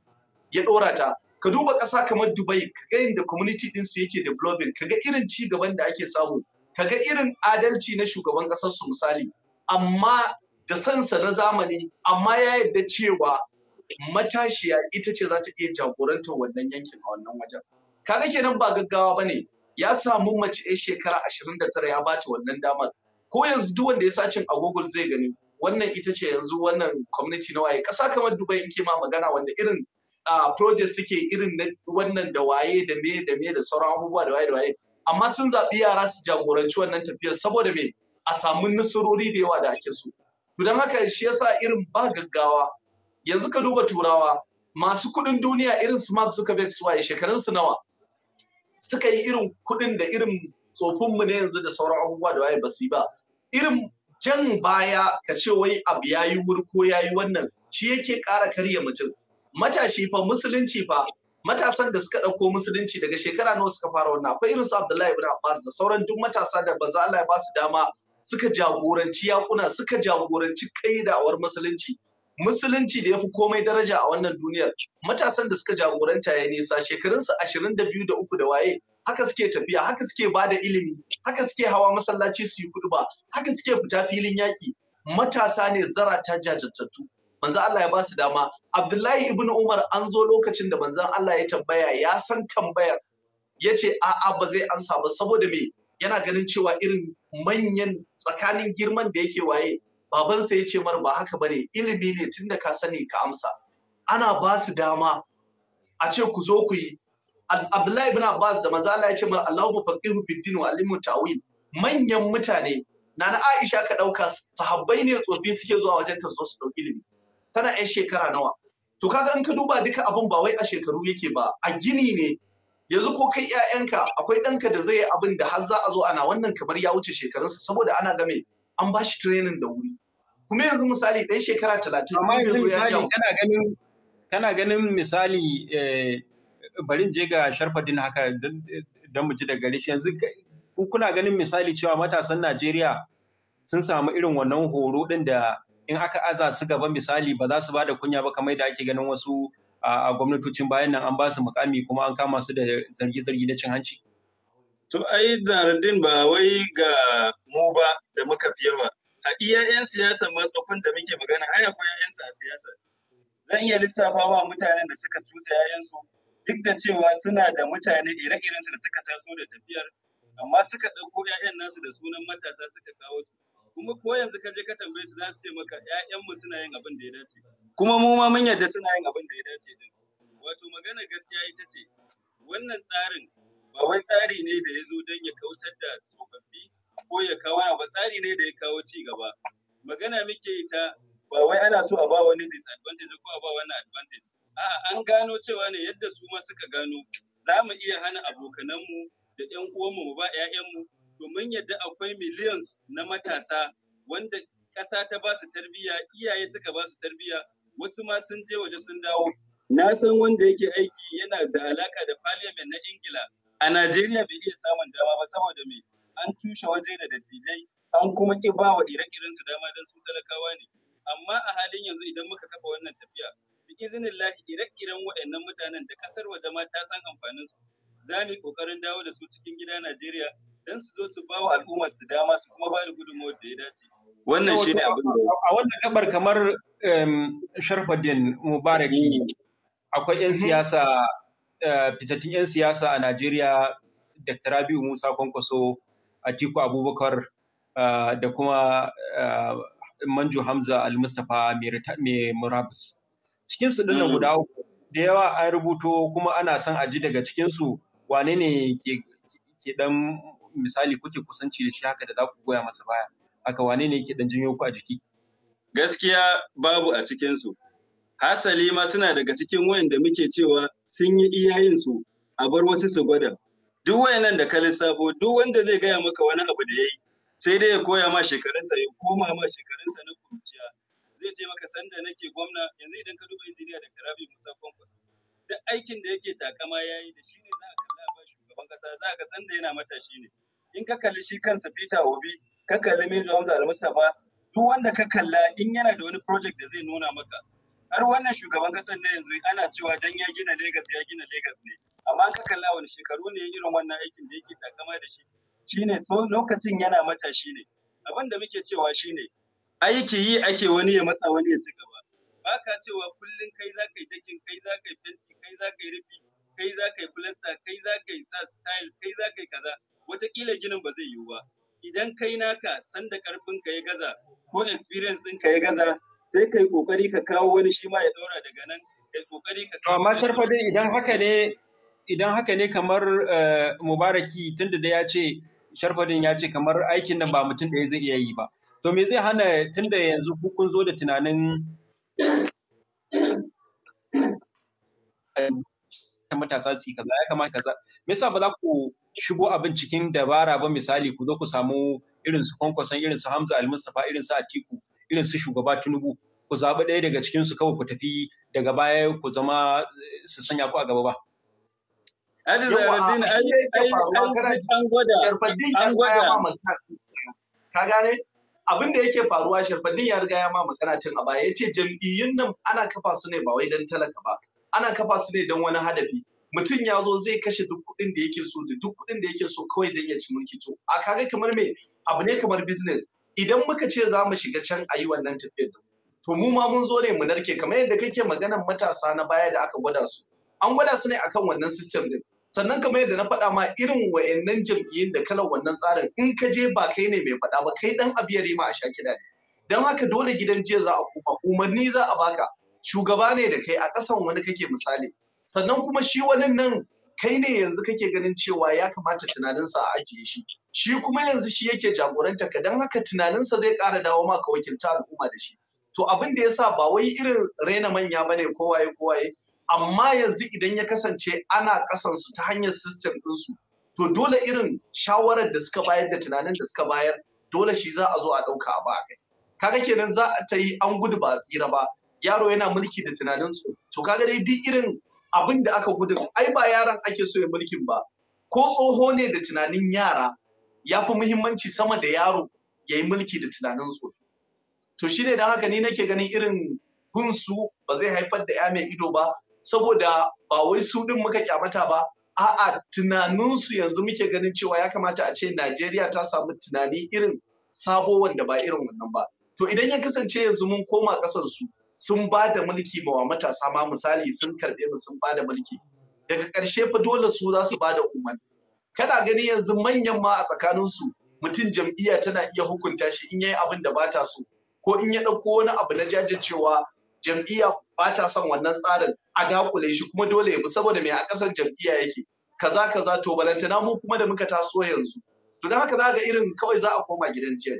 ya dora ta ka duba ƙasa kamar Dubai ka ga inda community din su yake developing ka ga irin ci gaban da ake samu ka ga irin adalci na shugaban ƙasar su misali amma da sansa na zamani amma ya yadda cewa matashiya ita ce za ta iya jagorantar wannan yankin a wannan wajen kaga kenan ba gaggawa bane ya samu mace yar shekara ashirin da tara ya bata wannan damar ko yanzu duk wanda ya sa cin Google zai gani wannan ita ce yanzu wannan community na waye ƙasa kamar Dubai in ma magana wanda irin project suke irin na wannan da waye da me da me da sauran abubuwa da waye da waye amma sun zaɓi yara su jagoranci wannan tafiyar saboda me a samu nasarori da yawa da ake so to don haka shi yasa irin ba gaggawa yanzu ka duba turawa masu kuɗin duniya irin su Mark Zuckerberg su waye shekarun nawa suka yi irin kuɗin da irin tsofinmu ne yanzu da sauran abubuwa da waye ba su yi ba irin jan baya ka ce wai abu ya yi wuri ko ya yi wannan shi yake ƙara karya mutum matashi fa musulunci fa matasan da suka ɗauko musulunci daga shekara nawa suka fara wannan akwai irin su Abdullahi ibn Abbas da sauran duk matasa da banza Allah ya ba su dama suka jagoranci yakuna suka jagoranci kai awar musulunci musulunci da ya fi komai daraja a wannan duniyar matasan da suka jagoranta ya nisa shekarunsu ashirin da biyu da uku da waye haka suke tafiya haka suke ba da ilimi haka suke hawa masallaci su yi kuduba haka suke fita filin yaƙi matasa ne zara ta jajirtattu manzan Allah ya ba su dama Abdullahi ibn Umar an zo lokacin da manzan Allah ya tambaya ya san tambayar ya ce a'a ba zai ansa ba saboda me yana ganin cewa irin manyan tsakanin girman da yake waye babansa ya ce mar ba haka bane ilimi ne tun da ka sani ka amsa ana ba su dama a ce ku zo ku yi Abdullahi ibn Abbas da maza Allah ya ce mar Allahu mufaqihu fid din wa alimu ta'wil manyan mutane Nana Aisha ka dauka sahabbai ne tsofi suke zuwa wajen ta zo su dauki ilimi tana yan shekara nawa to kaga in ka duba duka abin ba wai a shekaru yake ba a gini ne yanzu ko kai 'ya'yanka akwai ɗanka da zai yi abin da har za a zo ana wannan kamar ya wuce shekarunsa saboda ana game an ba shi training da wuri kuma yanzu misali ɗan shekara talatin amma yanzu misali kana ganin kana ganin misali eh, barin je ga sharfadin haka don mu ji daga gare shi yanzu kuna ganin misali cewa matasan Najeriya sun samu irin wannan horo ɗin da in aka aza su gaba misali ba za su ba da kunya ba kamar da ake ganin wasu a gwamnatocin bayan nan an ba su mukami kuma an kama su da zargi-zargi na cin hanci? To ai Zaradin ba wai ga mu ba da muka fi yawa. A iya 'yan siyasa ma tsofin da muke magana ai akwai 'yan a siyasa. Zan iya lissafa wa mutanen da suka cuce 'ya'yansu duk da cewa suna da mutane ire-iren su da suka taso da tafiyar amma suka ɗauko 'ya'yan nasu da sunan matasa suka kawo su. Kuma ko yanzu ka je ka tambaye su za su ce maka 'ya'yanmu suna yin abin da ya dace. Kuma mu ma mun yarda suna yin abin da ya dace din. Wato magana gaskiya ita ce wannan tsarin ba wai tsari ne da ya zo don ya kautar da tsofaffi ko ya kawo ba tsari ne da ya kawo ci gaba magana muke yi ta ba wai ana so a ba wani disadvantage ko a ba wani advantage a'a an gano cewa ne yadda su ma suka gano za mu iya hana abokananmu da ƴan uwanmu mu ba ƴaƴanmu domin yadda akwai millions na matasa wanda ƙasa ta ba su tarbiyya iyaye suka ba su tarbiyya wasu ma sun je waje sun dawo na san wanda yake aiki yana da alaka da parliament na ingila A Najeriya bai iya samun dama ba saboda me an tushe waje da dattijai an kuma ki ba wa ire-iren su dama don su talakawa ne. Amma a halin yanzu idan muka kafa wannan tafiya bi izinin lahi ire-iren waɗannan mutanen da kasar waje ma ta san amfanin su. Za mu yi dawo da su cikin gida Najeriya don su zo su ba wa al'ummar su dama su kuma ba da gudunmawar da ya dace. Wannan shi abin da. A wannan gabar kamar Sharfuddin Mubaraki mm. akwai 'yan siyasa Eh, fitattun 'yan siyasa a Najeriya Dr. Rabiu Musa Kwankwaso, Atiku Abubakar eh, da kuma eh, Manju Hamza Al-Mustapha mai murabus. Cikinsu ɗinnan hmm. guda uku da yawa an rubuto kuma ana son a ji daga cikinsu wane ne ke ɗan misali kuke kusanci da shi haka da za ku goya masa baya haka wane ne ke ɗan jinyoku ku a jiki. Gaskiya babu a cikinsu. hasali ma suna daga cikin wayanda muke cewa sun yi iyayen su a bar wasu su gwada duk wayannan da ka lissafo duk wanda zai gaya maka wani abu da yayi sai dai ya koya ma shekarunsa ya koma ma shekarunsa na kurciya zai ce maka sanda nake gwamna yanzu idan ka duba injiniya da karabi musa kwankwas duk aikin da yake takama yayi da shi ne za a kalla ba shugaban kasa za ka sanda yana matashi ne in ka kalli shi kansa Peter Obi ka kalli Mejo Hamza Al-Mustafa duk wanda ka kalla in yana da wani project da zai nuna maka har wannan shugaban kasar na yanzu ana cewa dan ya gina Legas ya gina Legas ne amma ka kalla wani shekaru ne irin wannan aikin da yake takama da shi shine lokacin yana matashi ne abin da muke cewa shine aiki yi ake wani ya matsa wani ya ci gaba ba cewa kullun kai za ka yi dakin kai za ka yi fenti kai za ka yi rufi kai za ka yi filasta kai za ka yi sa styles kai za ka yi kaza wataƙila ginin ba zai yiwu ba idan kai naka sanda karfin ka ya gaza ko experience din ka ya gaza sai ka yi kokari ka kawo wani shi ma ya ɗora daga nan ka yi kokari ka kawo amma sharfa dai idan haka ne idan haka ne kamar eh, mubaraki tunda da ya ce sharfadin ya ce kamar aikin nan ba mutum ɗaya zai iya yi ba to me zai hana tunda yanzu ku kun zo da tunanin [coughs] matasa su kaza ya kamata kaza me yasa ba za ku shigo abin cikin dabara ba misali ku zo ku samu irin su kwankwason irin su Hamza al Mustapha, irin su Atiku irin su shugaba Tinubu ku zaɓi ɗaya daga cikin su kawai ku tafi daga baya ku zama eh, su sanya ku a gaba ba. Aji Zainuddin ai an gwada an gwada ka gane abin da yake faruwa Sharfaddin ya riga ya ma magana tun a baya yace jam'iyyun nan ana kafa su ne ba wai dan talaka ba ana kafa su ne dan wani hadafi mutum ya zo zai kashe duk kuɗin da yake so da duk kuɗin da yake so kawai don ya ci mulki to a kaga kamar me abu ne kamar business idan muka ce za mu shiga can a yi wannan tafiyar da to mu ma mun zo ne mu narke kamar yadda kake maganar matasa na baya da aka gwada su an gwada su ne akan wannan system din sannan kamar yadda na faɗa ma irin wayannan jam'iyyun da kalar wannan tsarin in ka je ba kai ne mai faɗa ba kai dan abiyare ma a sha kiɗa ne don haka dole gidan jiya za a kuma umarni za a baka shugaba ne da kai a ƙasan wani kake misali sannan kuma shi wani nan kai ne yanzu kake ganin cewa ya kamata tunaninsa a ajiye shi shi kuma yanzu shi yake jagoranta ka don haka tunaninsa zai ƙara dawo maka wakilta al'umma da shi to abin da yasa ba wai irin raina manya bane kowaye kowaye amma yanzu idan ya kasance ana kasan su ta hanyar system ɗinsu to dole irin shawarar da suka bayar da tunanin da suka bayar dole shi za a zo a ɗauka a baka kaga kenan za a ta yi an gudu ba a tsira ba yaro yana mulki da tunanin su to kaga dai duk irin abin da aka gudun ai ba yaran ake so ya mulkin ba ko tsoho ne da tunanin yara ya fi muhimmanci sama da yaro ya yi mulki da tunanin su to shi ne don haka ni nake ganin irin hunsu ba zai haifar da ya mai ido ba saboda ba wai su din muka kyamata ba a'a tunaninsu yanzu muke ganin cewa ya kamata a ce Najeriya ta samu tunani irin sabo wanda ba irin wannan ba to idan ya kasance yanzu mun koma ƙasar su sun ba da mulki ma matasa ma misali sun karɓe mu sun ba da mulki daga ƙarshe fa dole su za su ba da umarni kana gani yanzu manyan ma a tsakanin su mutum jam'iyya tana iya hukunta shi in yayi abin da ta so ko in ya ɗauko wani abu na jajircewa jam'iyya ba ta son wannan tsarin a dakule shi kuma dole ya bi saboda mai a ƙasar jam'iyya yake kaza kaza to balantana mu kuma da muka taso yanzu to don haka za ga irin kawai za a koma gidan jiya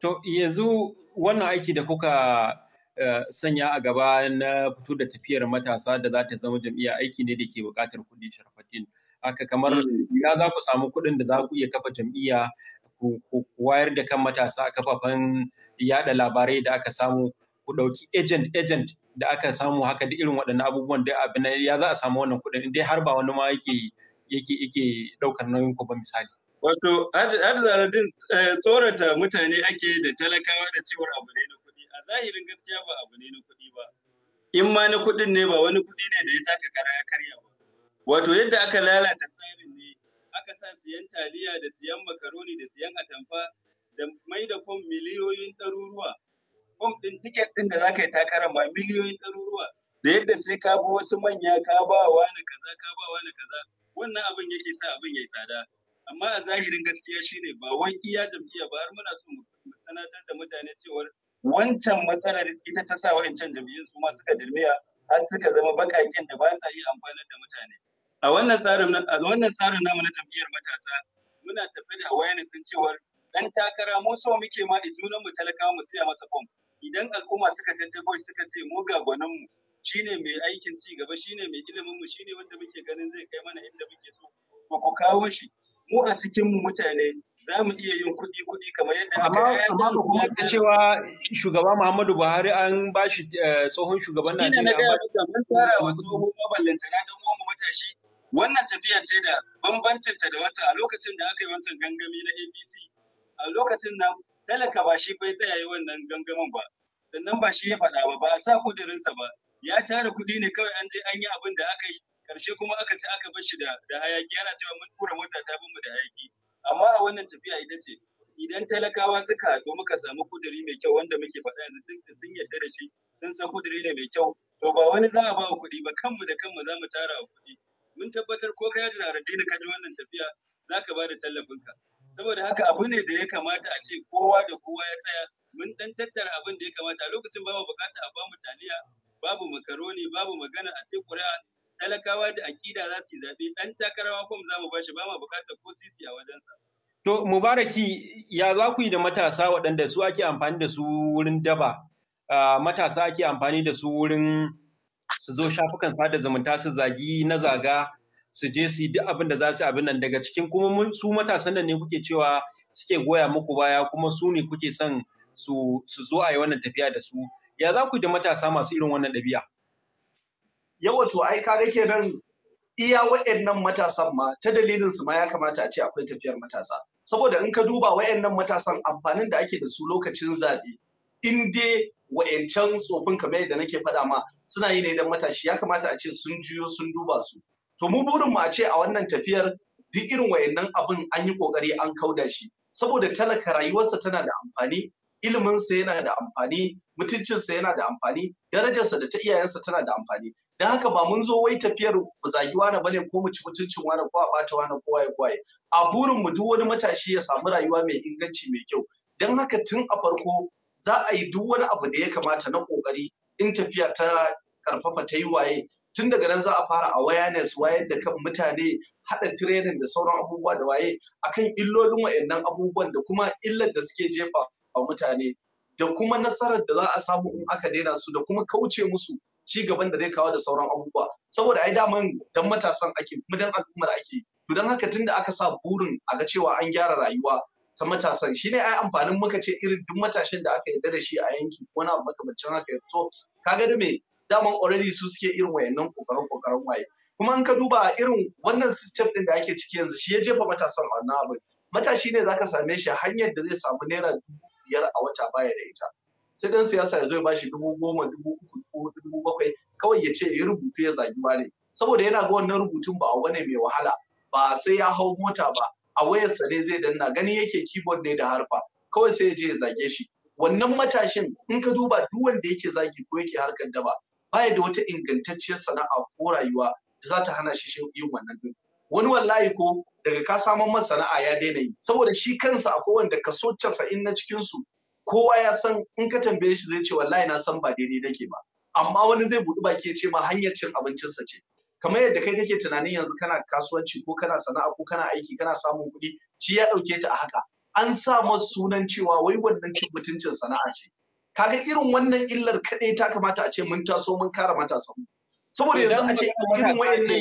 to yanzu wannan aiki da kuka Eh, sanya a gaba na fito da tafiyar matasa da za ta zama jam'iyya aiki ne da ke buƙatar kuɗi sharafatin haka kamar hmm. ya za ku samu kuɗin da za ku iya kafa jam'iyya ku wayar da kan matasa a kafafen yada labarai da aka samu ku ɗauki agent agent da aka samu haka da irin waɗannan abubuwan da abin ya za a samu wannan kuɗin dai har ba wani ma yake yake yake ɗaukar nauyin ku ba misali. Wato, Hajji Zaradin eh, tsorata mutane ake da talakawa da cewar abu ne na zahirin gaskiya ba abu ne na kuɗi ba in ma na kuɗin ne ba wani kuɗi ne da ya taka kara ya karya ba wato yadda aka lalata tsarin ne aka sa siyan taliya da siyan makaroni da siyan atamfa da mai da kom miliyoyin ɗaruruwa kom ɗin tiket ɗin da za ka yi takarar ma miliyoyin ɗaruruwa da yadda sai ka bi wasu manya ka ba wani kaza ka ba wani kaza wannan abin yake sa abin ya tsada amma a zahirin gaskiya shine ba wai iya jam'iyya ba har muna so mu sanatar da mutane cewar wancan matsalar ita ta sa wa'ancan jam'iyyun su ma suka dirmiya har suka zama baƙaƙen da ba sa yi amfani da mutane a wannan tsarin a wannan tsarin namu na jam'iyyar matasa muna tafi da awareness din cewar dan takara mu so muke ma junan mu talakawa mu siya masa fom idan al'umma suka tattako shi suka ce mu ga gwanin mu shine mai aikin ci gaba shine mai ilimin mu shine wanda muke ganin zai kai mana inda muke so Ba ku kawo shi mu a cikin mutane za mu iya yin kuɗi kuɗi kamar yadda aka amma ba kuma ta cewa shugaba Muhammadu Buhari an ba shi eh, tsohon shugaban Najeriya ba. mun tsara wa tsohon maballanta na dan uwan matashi wannan tafiya ce da bambancin ta da wata a lokacin da aka yi wancan gangami na APC. a lokacin nan, talaka ba shi bai yi wannan gangamin ba sannan ba shi ya faɗa ba ba a sa kudirinsa ba ya tara kuɗi ne kawai an je an yi abin da aka yi karshe kuma aka ce aka bar shi da da hayaki ana cewa mun tura mota ta bin mu da hayaki amma a wannan tafiya ita ce idan talakawa suka haɗu muka samu kuduri mai kyau wanda muke faɗa yanzu duk da sun yarda da shi sun san kuduri ne mai kyau to ba wani za a ba kuɗi ba kanmu da kanmu za mu tara kuɗi mun tabbatar ko ka yaji zaharaddini ka ji wannan tafiya za ka ba da ka. saboda haka abu ne da ya kamata a ce kowa da kowa ya tsaya mun dan tattara abin da ya kamata a lokacin ba mu bukata a ba mu taliya babu makaroni babu magana a sai ƙuri'a talakawa da akida za su yi zaɓe ɗan takarawa kuma za mu bashi ba ma bukatar ko sisi a wajensa. To Mubaraki ya za ku yi da matasa waɗanda su ake amfani da su wurin daba matasa ake amfani da su wurin su zo shafukan sada zumunta su zagi na zaga su je su yi duk abin da za su abin nan daga cikin kuma su matasan nan ne kuke cewa suke goya muku baya kuma su ne kuke son su zo a yi wannan tafiya da su ya za ku yi da matasa masu irin wannan ɗabi'a. yawato to ai kaga kenan iya wayannan matasan ma ta dalilin su ma ya kamata a ce akwai tafiyar matasa saboda in ka duba wayannan matasan amfanin da ake da su lokacin zaɓe in dai wa'yancan tsofin kamar yadda nake faɗa ma suna yi ne don matashi ya kamata a ce sun juyo sun duba su to mu burin mu a ce a wannan tafiyar duk irin wayannan abin an yi kokari an kauda shi saboda talaka rayuwarsa tana da amfani iliminsa yana da amfani mutuncinsa yana da amfani darajarsa da ta iyayensa tana da amfani don haka ba mun zo wai tafiyar zagi wani bane ko mu ci mutuncin wani ko a bata wani ko waye waye a burin mu duk wani matashi ya samu rayuwa mai inganci mai kyau don haka tun a farko za a yi duk wani abu da ya kamata na kokari in tafiya ta karfafa ta yi waye tun daga nan za a fara a awareness wayar da kan mutane haɗa training da sauran abubuwa da waye akan illolin wayannan abubuwan da kuma illar da suke jefa a mutane da kuma nasarar da za a samu in aka daina su da kuma kauce musu ci gaban da zai kawo da sauran abubuwa saboda ai daman dan matasan ake kuma dan al'ummar ake to dan haka tunda aka sa burin a ga cewa an gyara rayuwa ta matasan shine ai amfanin muka ce irin duk matashin da aka yarda da shi a yanki ko na makamancin haka yanzu kaga da me daman already su suke irin wayannan kokarin kokarin waye kuma in ka duba irin wannan system din da ake ciki yanzu shi ya jefa matasan wannan abin matashi ne zaka same shi hanyar da zai samu naira dubu biyar a wata baya da ita sai dan siyasa ya zo ya bashi dubu goma dubu uku dubu bakwai kawai ya ce ya rubutu ya zagi ne. saboda yana ga wannan rubutun ba abu ne mai wahala ba sai ya hau mota ba a wayarsa ne zai danna gani yake keyboard ne da harfa kawai sai ya je ya zage shi wannan matashin in ka duba duk wanda yake zagi ko yake harkar da ba? baya da wata ingantacciyar sana'a ko rayuwa da za ta hana shi yin wannan din wani wallahi ko daga ka samar masa sana'a ya daina yi saboda shi kansa akwai wanda kaso casa'in na cikinsu kowa ya san in ka tambaye shi zai ce wallahi na san ba daidai nake ba amma wani zai buɗi baki ya ce ma hanyar cin abincinsa ce kamar yadda kai kake tunanin yanzu kana kasuwanci ko kana sana'a ko kana aiki kana samun kuɗi shi ya ɗauke ta a haka an sa masa sunan cewa wai wannan cin mutuncin sana'a ce kaga irin wannan illar kaɗai ta kamata a ce mun taso mun kare matasa saboda yanzu a ce irin wayannan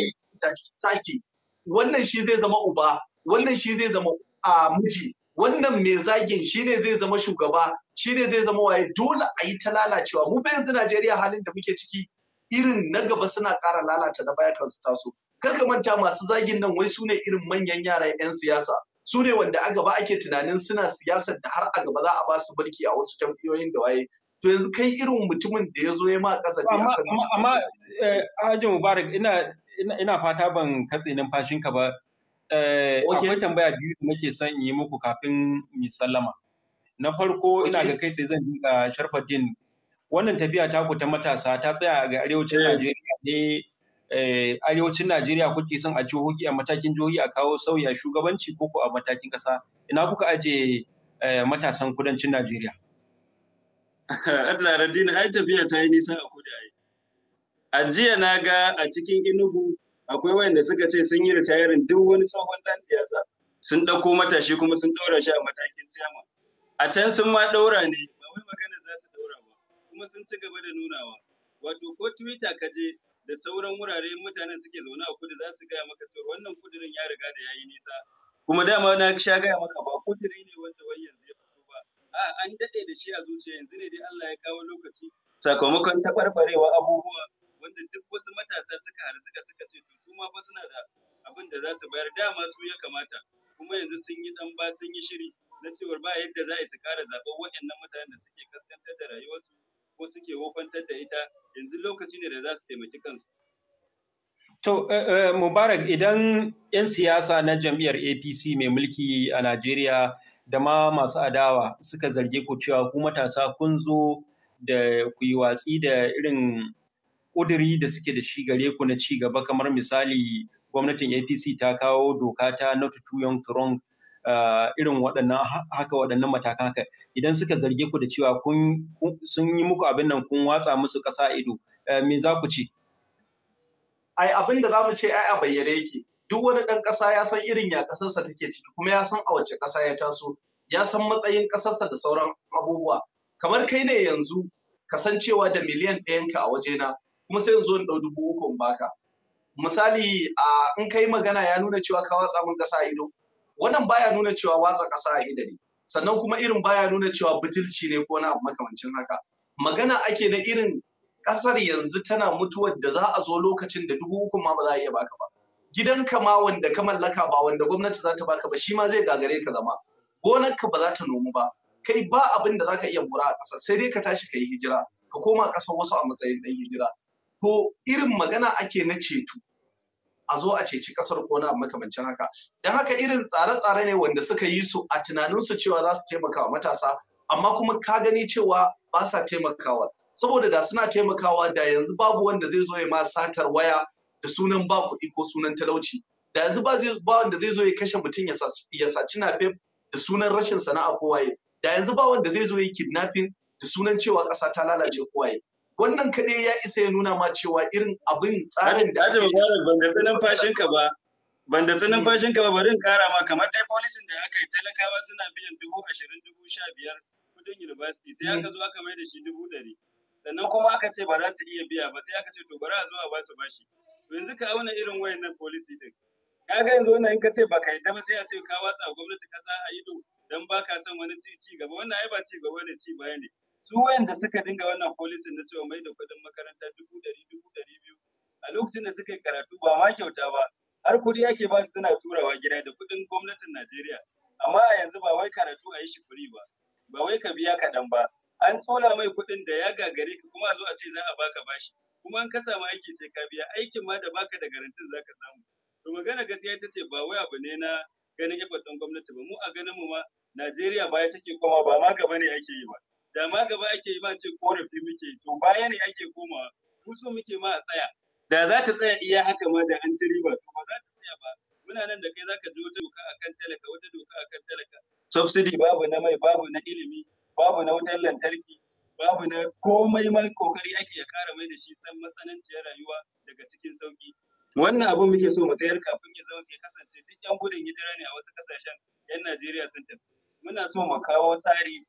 tashi wannan shi zai zama uba wannan shi zai zama a ah, miji wannan mai zagin shine zai zama shugaba shine zai zama waye dole a yi ta lalacewa mu yanzu Najeriya halin da muke ciki irin na gaba suna ƙara lalata na baya su taso kar ka manta masu zagin nan wai sune irin manyan yara 'yan siyasa su ne wanda a gaba ake tunanin suna siyasar da har a gaba za a ba su mulki a wasu jam'iyyoyin da waye to yanzu kai irin mutumin da ya zo ya ma ƙasa amma amma eh, hajji Mubarak ina ina fata ban katse numfashinka ba Eh, akwai tambaya biyu da nake son yi muku kafin mu sallama. Na farko ina ga kai sai zan dinga Sharfuddin. wannan tafiya ta ku ta matasa ta tsaya ga arewacin eh. Najeriya ne eh, arewacin Najeriya kuke son a jihohi a matakin jihohi a kawo sauya shugabanci ko a matakin ƙasa ina kuka aje matasan kudancin Najeriya. [laughs] Allah radina ai tafiya ta yi nisa a kudu A jiya na ga a cikin Inugu akwai wanda suka ce sun yi ritayarin duk wani tsohon dan siyasa sun ɗauko matashi kuma sun ɗora shi a matakin jama'a. a can sun ma ɗaura ne ba wai magana za su ɗaura ba kuma sun ci gaba da nunawa wato ko twitter ka je da sauran wurare mutanen suke zaune a kudu za su gaya maka cewa wannan kudirin ya riga da ya yi nisa kuma dama na sha gaya maka ba kudiri ne wanda wai yanzu ya fito ba a an daɗe da shi a zuciya yanzu ne dai Allah ya kawo lokaci sakamakon taɓarɓarewa abubuwa wanda duk wasu matasa suka harzuka suka ce to su ma fa suna da abin da za su bayar dama su ya kamata kuma yanzu sun yi dan ba sun yi shiri na cewar ba yadda za a yi su kara zaɓen waɗannan mutanen da suke kaskantar da rayuwarsu ko suke wofantar da ita yanzu lokaci ne da za su taimaki kansu. To, eh, eh, Mubarak idan 'yan siyasa na jam'iyyar APC mai mulki a Najeriya da ma masu adawa suka zarge ku cewa ku matasa kun zo da ku yi watsi da irin kudiri da suke da shi gare ku na ci gaba kamar misali gwamnatin apc ta kawo doka ta not too young ah, irin waɗannan haka waɗannan matakan haka idan suka zarge ku da cewa sun yi muku abin nan kun watsa musu ƙasa ido eh, me za ku ce ai abin da za ce ai a bayyane yake duk wani ɗan ƙasa ya san irin ya ƙasarsa take ciki kuma ya san a wace ƙasa ya taso ya san matsayin ƙasarsa da sauran abubuwa kamar kai ne yanzu kasancewa da miliyan ɗayanka a wajena kuma sai yanzu in ɗau dubu uku in baka misali a in kai magana ya nuna cewa ka watsa mun ƙasa a ido wannan baya nuna cewa watsa ƙasa a ido ne sannan kuma irin baya nuna cewa butulci ne ko na abu makamancin haka magana ake na irin ƙasar yanzu tana mutuwar da za a zo lokacin da dubu uku ma ba za a iya baka ba gidanka ma wanda ka mallaka ba wanda gwamnati za ta baka ba shi ma zai gagare ka zama gonarka ba za ta nomu ba kai ba abin da za ka iya mura a ƙasa sai dai ka tashi ka yi hijira ka koma ƙasar wasu a matsayin ɗan hijira ko irin magana ake na ceto a zo a ceci kasar ko na makamancin haka don haka irin tsare-tsare ne wanda suka yi su a tunaninsu cewa za su taimaka wa matasa amma kuma ka gani cewa ba sa taimakawa saboda da suna taimakawa da yanzu babu wanda zai zo ya ma satar waya da sunan ba kuɗi ko sunan talauci da yanzu ba wanda zai zo ya kashe mutum ya saci nafe da sunan rashin sana'a ko waye da yanzu ba wanda zai zo ya kidnapping da sunan cewa ƙasa ta lalace ko waye wannan kaɗai ya isa ya nuna ma cewa irin abin tsarin da ake ban da tsanin fashin ka ba ban da tsanin fashin ka ba bari in kara ma kamar dai policing da aka yi talakawa suna biyan dubu ashirin dubu sha biyar kudin university sai aka zo aka mai da shi dubu ɗari sannan kuma aka ce ba za su iya biya ba sai aka ce to bari a zo a ba su bashi yanzu ka auna irin wayannan policy din ga yanzu wannan in ka ce ba yi yadda ba sai a ce ka watsa gwamnati kasa a ido dan ka son wani ci gaba wannan ai ba ci gaba ne ci baya ne su wayanda suka dinga wannan policy na cewa mai da kuɗin makaranta dubu ɗari dubu ɗari biyu a lokacin da suka yi karatu ba ma kyauta ba har kuɗi ake ba su suna turawa gida da kuɗin gwamnatin Najeriya amma a yanzu ba wai karatu a yi shi kuri ba ba wai ka biya kaɗan ba an tsola mai kuɗin da ya gagare ka kuma a zo a ce za a baka bashi kuma an ka samu aiki sai ka biya aikin ma da baka da garantin za ka samu to magana gaskiya ita ce ba wai abu ne na ganin ɗin gwamnati ba mu a ganin mu ma Najeriya baya take koma ba ma gaba ne ake yi ba da ma gaba ake yi ma ce korafi muke to baya ne ake komawa musu muke ma a tsaya da za ta tsaya iya haka ma da an ci riba to ba za ta tsaya ba muna nan da kai za ka ji wata doka akan talaka wata doka akan talaka Subsidi babu na mai babu na ilimi babu na wutar lantarki babu na komai ma kokari ake ya kara mai da shi san matsananciyar rayuwa daga cikin sauki wannan abu muke so mu tsayar kafin ya zama ke kasance duk yan gudun hijira ne a wasu kasashen yan Najeriya sun tafi muna so mu kawo tsari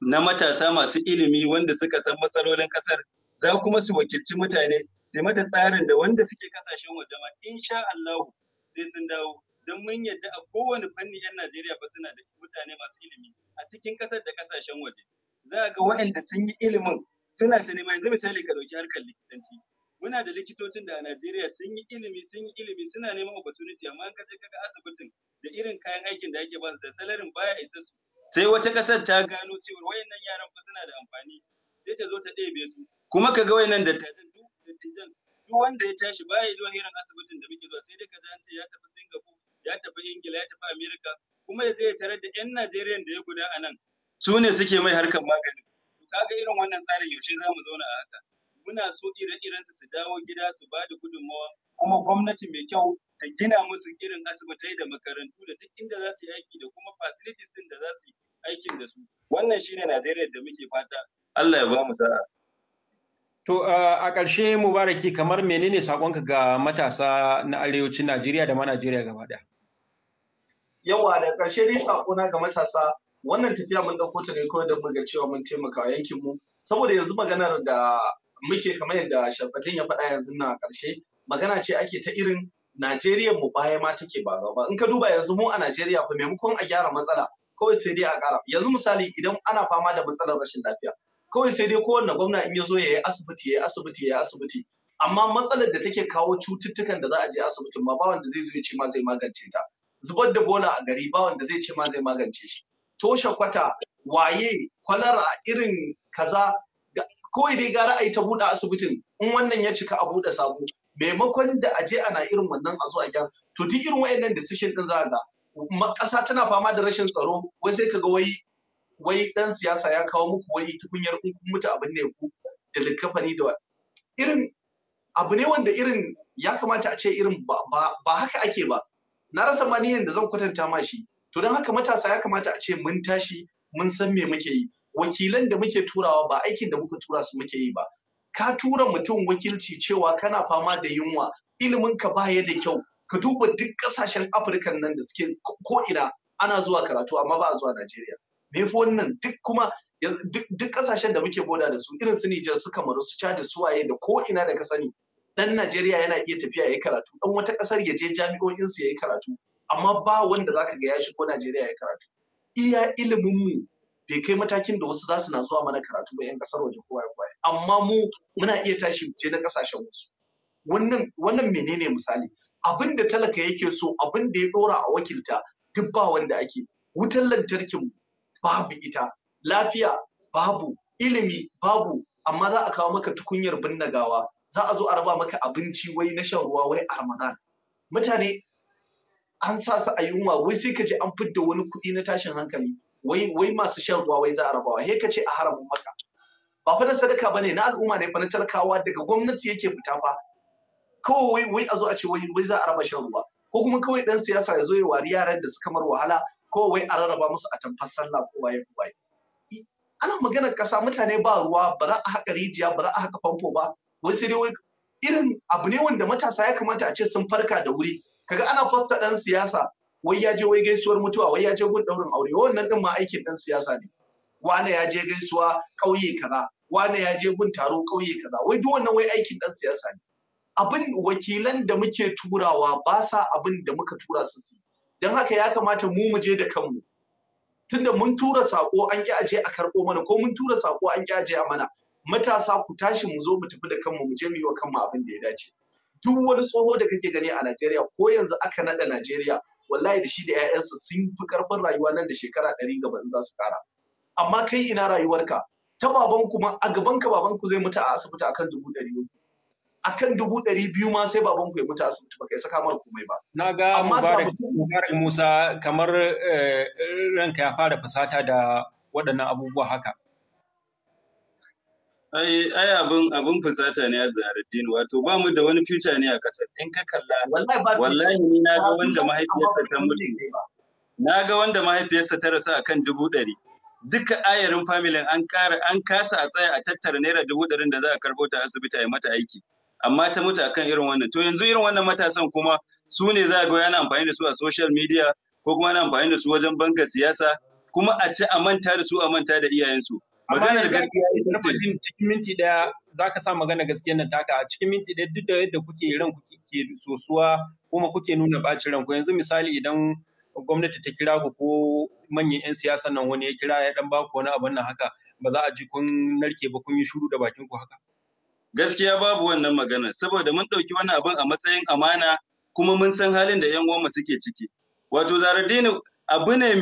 na matasa masu ilimi wanda suka san matsalolin kasar za kuma su wakilci mutane sai mata tsarin da wanda suke kasashen waje ma insha Allah sai sun dawo don mun yadda a kowane fanni 'yan Najeriya ba suna da mutane masu ilimi a cikin kasar da kasashen waje za ga waɗanda sun yi ilimin suna ta neman yanzu misali ka dauki harkar likitanci muna da likitocin da a Najeriya sun yi ilimi sun yi ilimi suna neman opportunity amma an kaje kaga asibitin da irin kayan aikin da ake ba su da salarin baya isa su sai wata ƙasar ta gano cewa wayannan yaran fa suna da amfani sai ta zo ta ɗebe su kuma ka ga wayannan dattijan duk dattijan duk wanda ya tashi baya zuwa irin asibitin da muke zuwa sai dai ka ji an ce ya tafi Singapore ya tafi Ingila ya tafi America kuma ya zai tarar da 'yan Najeriya da ya guda a nan su ne suke mai harkar magani to kaga irin wannan tsarin yaushe za mu zauna a haka muna so ire iren su su dawo gida su ba da gudunmawa kuma gwamnati mai kyau ta gina musu irin asibitai da makarantu da duk inda za su yi aiki da kuma facilities din da za su yi aikin da su wannan shine Najeriya da muke fata Allah ya ba mu sa'a To a ƙarshe Mubaraki kamar menene saƙonka ga matasa na arewacin Najeriya da ma Najeriya gaba ɗaya? Yawa da ƙarshe dai saƙona ga matasa wannan tafiya mun ɗauko ta ne kawai don mu ga cewa mun taimaka wa yankinmu saboda yanzu maganar da muke kamar yadda shafatin ya faɗa yanzu na ƙarshe magana ce ake ta irin Najeriya mu baya ma take ba gaba in ka duba yanzu mu a Najeriya fa maimakon a gyara matsala kawai sai dai a ƙara yanzu misali idan ana fama da matsalar rashin lafiya kawai sai dai kowanne gwamna in ya zo ya yi asibiti ya yi asibiti ya asibiti amma matsalar da take kawo cututtukan da za a je asibitin ma ba wanda zai zo ya ce ma zai magance ta zubar da bola a gari ba wanda zai ce ma zai magance shi toshe kwata waye kwalara irin kaza kawai dai gara a yi ta buɗe asibitin in wannan ya cika a buɗe sabo maimakon da a je ana irin wannan a zo a gyara to duk irin wayannan decision din za a ga ƙasa tana fama da rashin tsaro wai sai ka ga wai wai dan siyasa ya kawo muku wai tukunyar in kun mutu abin ne ku da likafani da irin abu ne wanda irin ya kamata a ce irin ba haka ake ba na rasa maniyan da zan kwatanta ma shi to don haka matasa ya kamata a ce mun tashi mun san me muke yi wakilan da muke turawa ba aikin da muka tura su muke yi ba ka tura mutum wakilci cewa kana fama da yunwa ilimin ka baya da kyau ka duba duk kasashen afirka nan da suke ko ina ana zuwa karatu amma ba a zuwa najeriya me fi wannan duk kuma duk kasashen da muke boda da su irin su Nijar su Kamaru su Chad su waye da ko ina da ka sani dan Najeriya yana iya tafiya yayi karatu dan wata kasar ya je jami'o'in su yayi karatu amma ba wanda zaka ga ya shigo Najeriya yayi karatu iya ilimin mu bai kai matakin da wasu za su na zuwa mana karatu ba 'yan kasar waje kowa kowa amma mu muna iya tashi je na kasashen wasu wannan wannan menene misali abin da talaka yake so abin da ya dora a wakilta duk ba wanda ake wutar lantarkin babu ita lafiya babu ilimi babu amma za a kawo maka tukunyar binne gawa za a zo a raba maka abinci wai na shan ruwa wai a ramadan mutane an sa su a yunwa wai sai ka je an fidda wani kuɗi na tashin hankali wai wai masu shan ruwa wai za a rabawa he ka a haramun maka ba fa da sadaka bane na al'umma ne fa talakawa daga gwamnati yake fita fa kawai wai wai a zo a ce wai wai za a raba shan ruwa ko kuma kawai dan siyasa ya zo ya wari yaran da suka mar wahala ko wai a rarraba musu a tamfar sallah ko waye ko waye ana maganar kasa mutane ba ruwa ba za a haƙa rijiya ba za a haƙa famfo ba wai sai dai irin abu ne wanda matasa ya kamata a ce sun farka da wuri kaga ana fasta dan siyasa wai ya je wai gaisuwar mutuwa wai ya je gun daurin aure wannan din ma aikin dan siyasa ne wane ya je gaisuwa kauye kaza wane ya je gun taro kauye kaza wai duk wannan wai aikin dan siyasa ne abin wakilan da muke turawa ba sa abin da muka tura su su don haka ya kamata mu mu je da kanmu tunda mun tura sako an ki aje a karbo mana ko mun tura sako an ki aje a mana matasa ku tashi mu zo mu tafi da kanmu mu je mu yi wa kanmu abin da ya dace duk wani tsoho da kake gani a Najeriya ko yanzu aka nada Najeriya wallahi da shi da 'ya'yansa sun fi karfin rayuwa nan da shekara ɗari gaba in za su ƙara. amma kai ina rayuwarka ta ku ma a gaban ka baban ku zai mutu a asibiti akan dubu ɗari uku akan dubu ɗari biyu ma sai baban ku ya mutu a asibiti Ba baka saka mara komai ba. Na ga Mubarak Musa kamar eh, ranka ya fara fasata da waɗannan abubuwa haka. Ai, abin abin fusata ne a Zaharaddin wato ba mu da wani fita ne a kasar in ka kalla wallahi ni na ga wanda mahaifiyarsa ta mutu na ga wanda mahaifiyarsa ta rasa akan dubu ɗari duka ayarin familin an ƙara an kasa a tsaya a tattara naira dubu ɗarin da za a karɓo ta asibiti a yi mata aiki amma ta mutu akan irin wannan to yanzu irin wannan matasan kuma su ne za a ga na amfani da su a social media ko kuma na amfani da su wajen banka siyasa kuma a ci a manta da su a manta da iyayensu maganar gaskiya ita ce cikin minti daya ka sa magana gaskiya nan taka a cikin minti daya duk da yadda kuke ran ke sosuwa kuma kuke nuna bacin ranku yanzu misali idan gwamnati ta kira ku ko manyan 'yan siyasa nan wani ya kira ya dan baku wani abin nan haka ba za a ji kun narke ba kun yi shuru da bakin ku haka gaskiya babu wannan magana saboda mun ɗauki wannan abin a matsayin amana kuma mun san halin da 'yan uwanmu suke ciki wato zaradini abu ne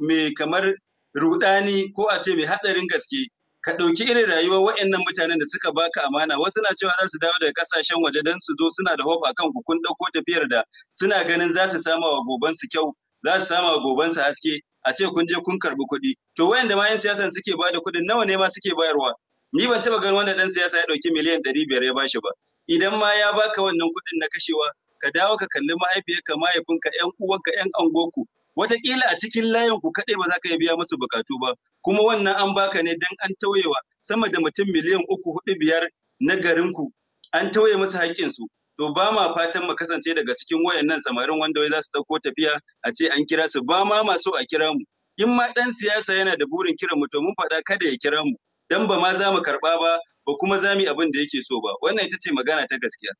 mai kamar rudani ko a ce mai haɗarin gaske ka ɗauki irin rayuwar wayannan mutanen da suka baka amana wasu na cewa za su dawo daga kasashen waje don su zo suna da hope akan ku kun ɗauko tafiyar da suna ganin za su sama wa goban su kyau za su sama wa goban su haske a ce kun je kun karbi kuɗi to wayanda ma yan siyasan suke ba da kuɗin nawa ne ma suke bayarwa ni ban taɓa ganin wanda 'dan siyasa ya ɗauki miliyan ɗari biyar ya bashi ba idan ma ya baka wannan kuɗin na kashewa ka dawo ka kalli mahaifiyarka mahaifinka yan uwanka yan angoku wataƙila a cikin layin ku kaɗai ba za ka biya musu bukatu ba kuma wannan an baka ne don an tauyewa sama da mutum miliyan uku hudu biyar na ku an tauye musu haƙƙinsu to ba ma fatan mu kasance daga cikin wayannan samarin wanda wai za su ɗauko tafiya a ce an kira su ba ma masu a kira mu in ma ɗan siyasa yana da burin kiran mu to mun faɗa kada ya kira mu dan ba ma za mu karɓa ba ba kuma za mu yi abin da yake so ba wannan ita ce magana ta gaskiya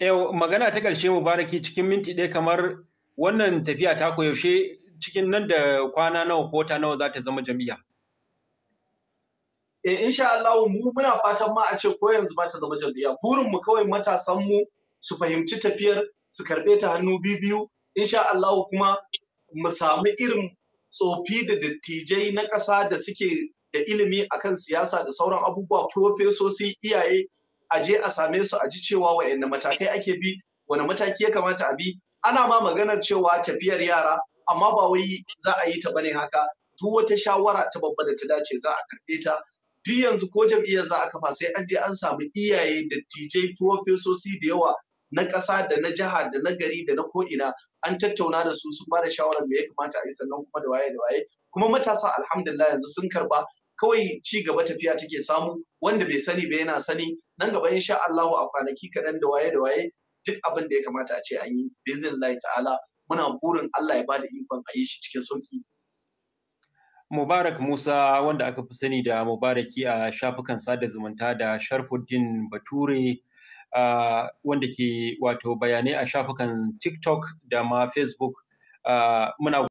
Eh, magana ta ƙarshe mubaraki cikin minti ɗaya kamar wannan tafiya ta koyaushe cikin nan da kwana nawa ko ta nawa za ta zama jami'a. E, insha Allah mu muna fatan ma a ce ko yanzu ba ta zama jami'a. Burin mu kawai matasan mu su fahimci tafiyar su karɓe ta hannu biyu insha Allah kuma mu samu irin tsofi da dattijai na ƙasa da suke da ilimi akan siyasa da sauran abubuwa profesosi iyaye a je a same su a ji cewa wa'anne matakai ake bi wani mataki ya kamata a bi ana ma maganar cewa tafiyar yara amma ba wai za a yi ta bane haka duk wata shawara ta babba da ta dace za a karɓe ta duk yanzu ko jam'iyyar za a kafa sai an je an samu iyaye da tijai profesosi da yawa na ƙasa da na jiha da na gari da na ko'ina an tattauna da su sun bada shawarar me ya kamata a yi sannan kuma da waye da waye kuma matasa alhamdulillah yanzu sun karba kawai ci gaba tafiya take samu wanda bai sani ba yana sani nan gaba insha Allahu a kwanaki kaɗan da waye da waye duk abin da ya kamata a ce an yi lai ta'ala muna burin Allah ya bada ikon a yi shi cikin sauki Mubarak Musa wanda aka fi sani da Mubaraki a shafukan sada zumunta da Sharfuddin Bature Uh, wanda ke wato bayanai a shafukan TikTok da ma Facebook uh, muna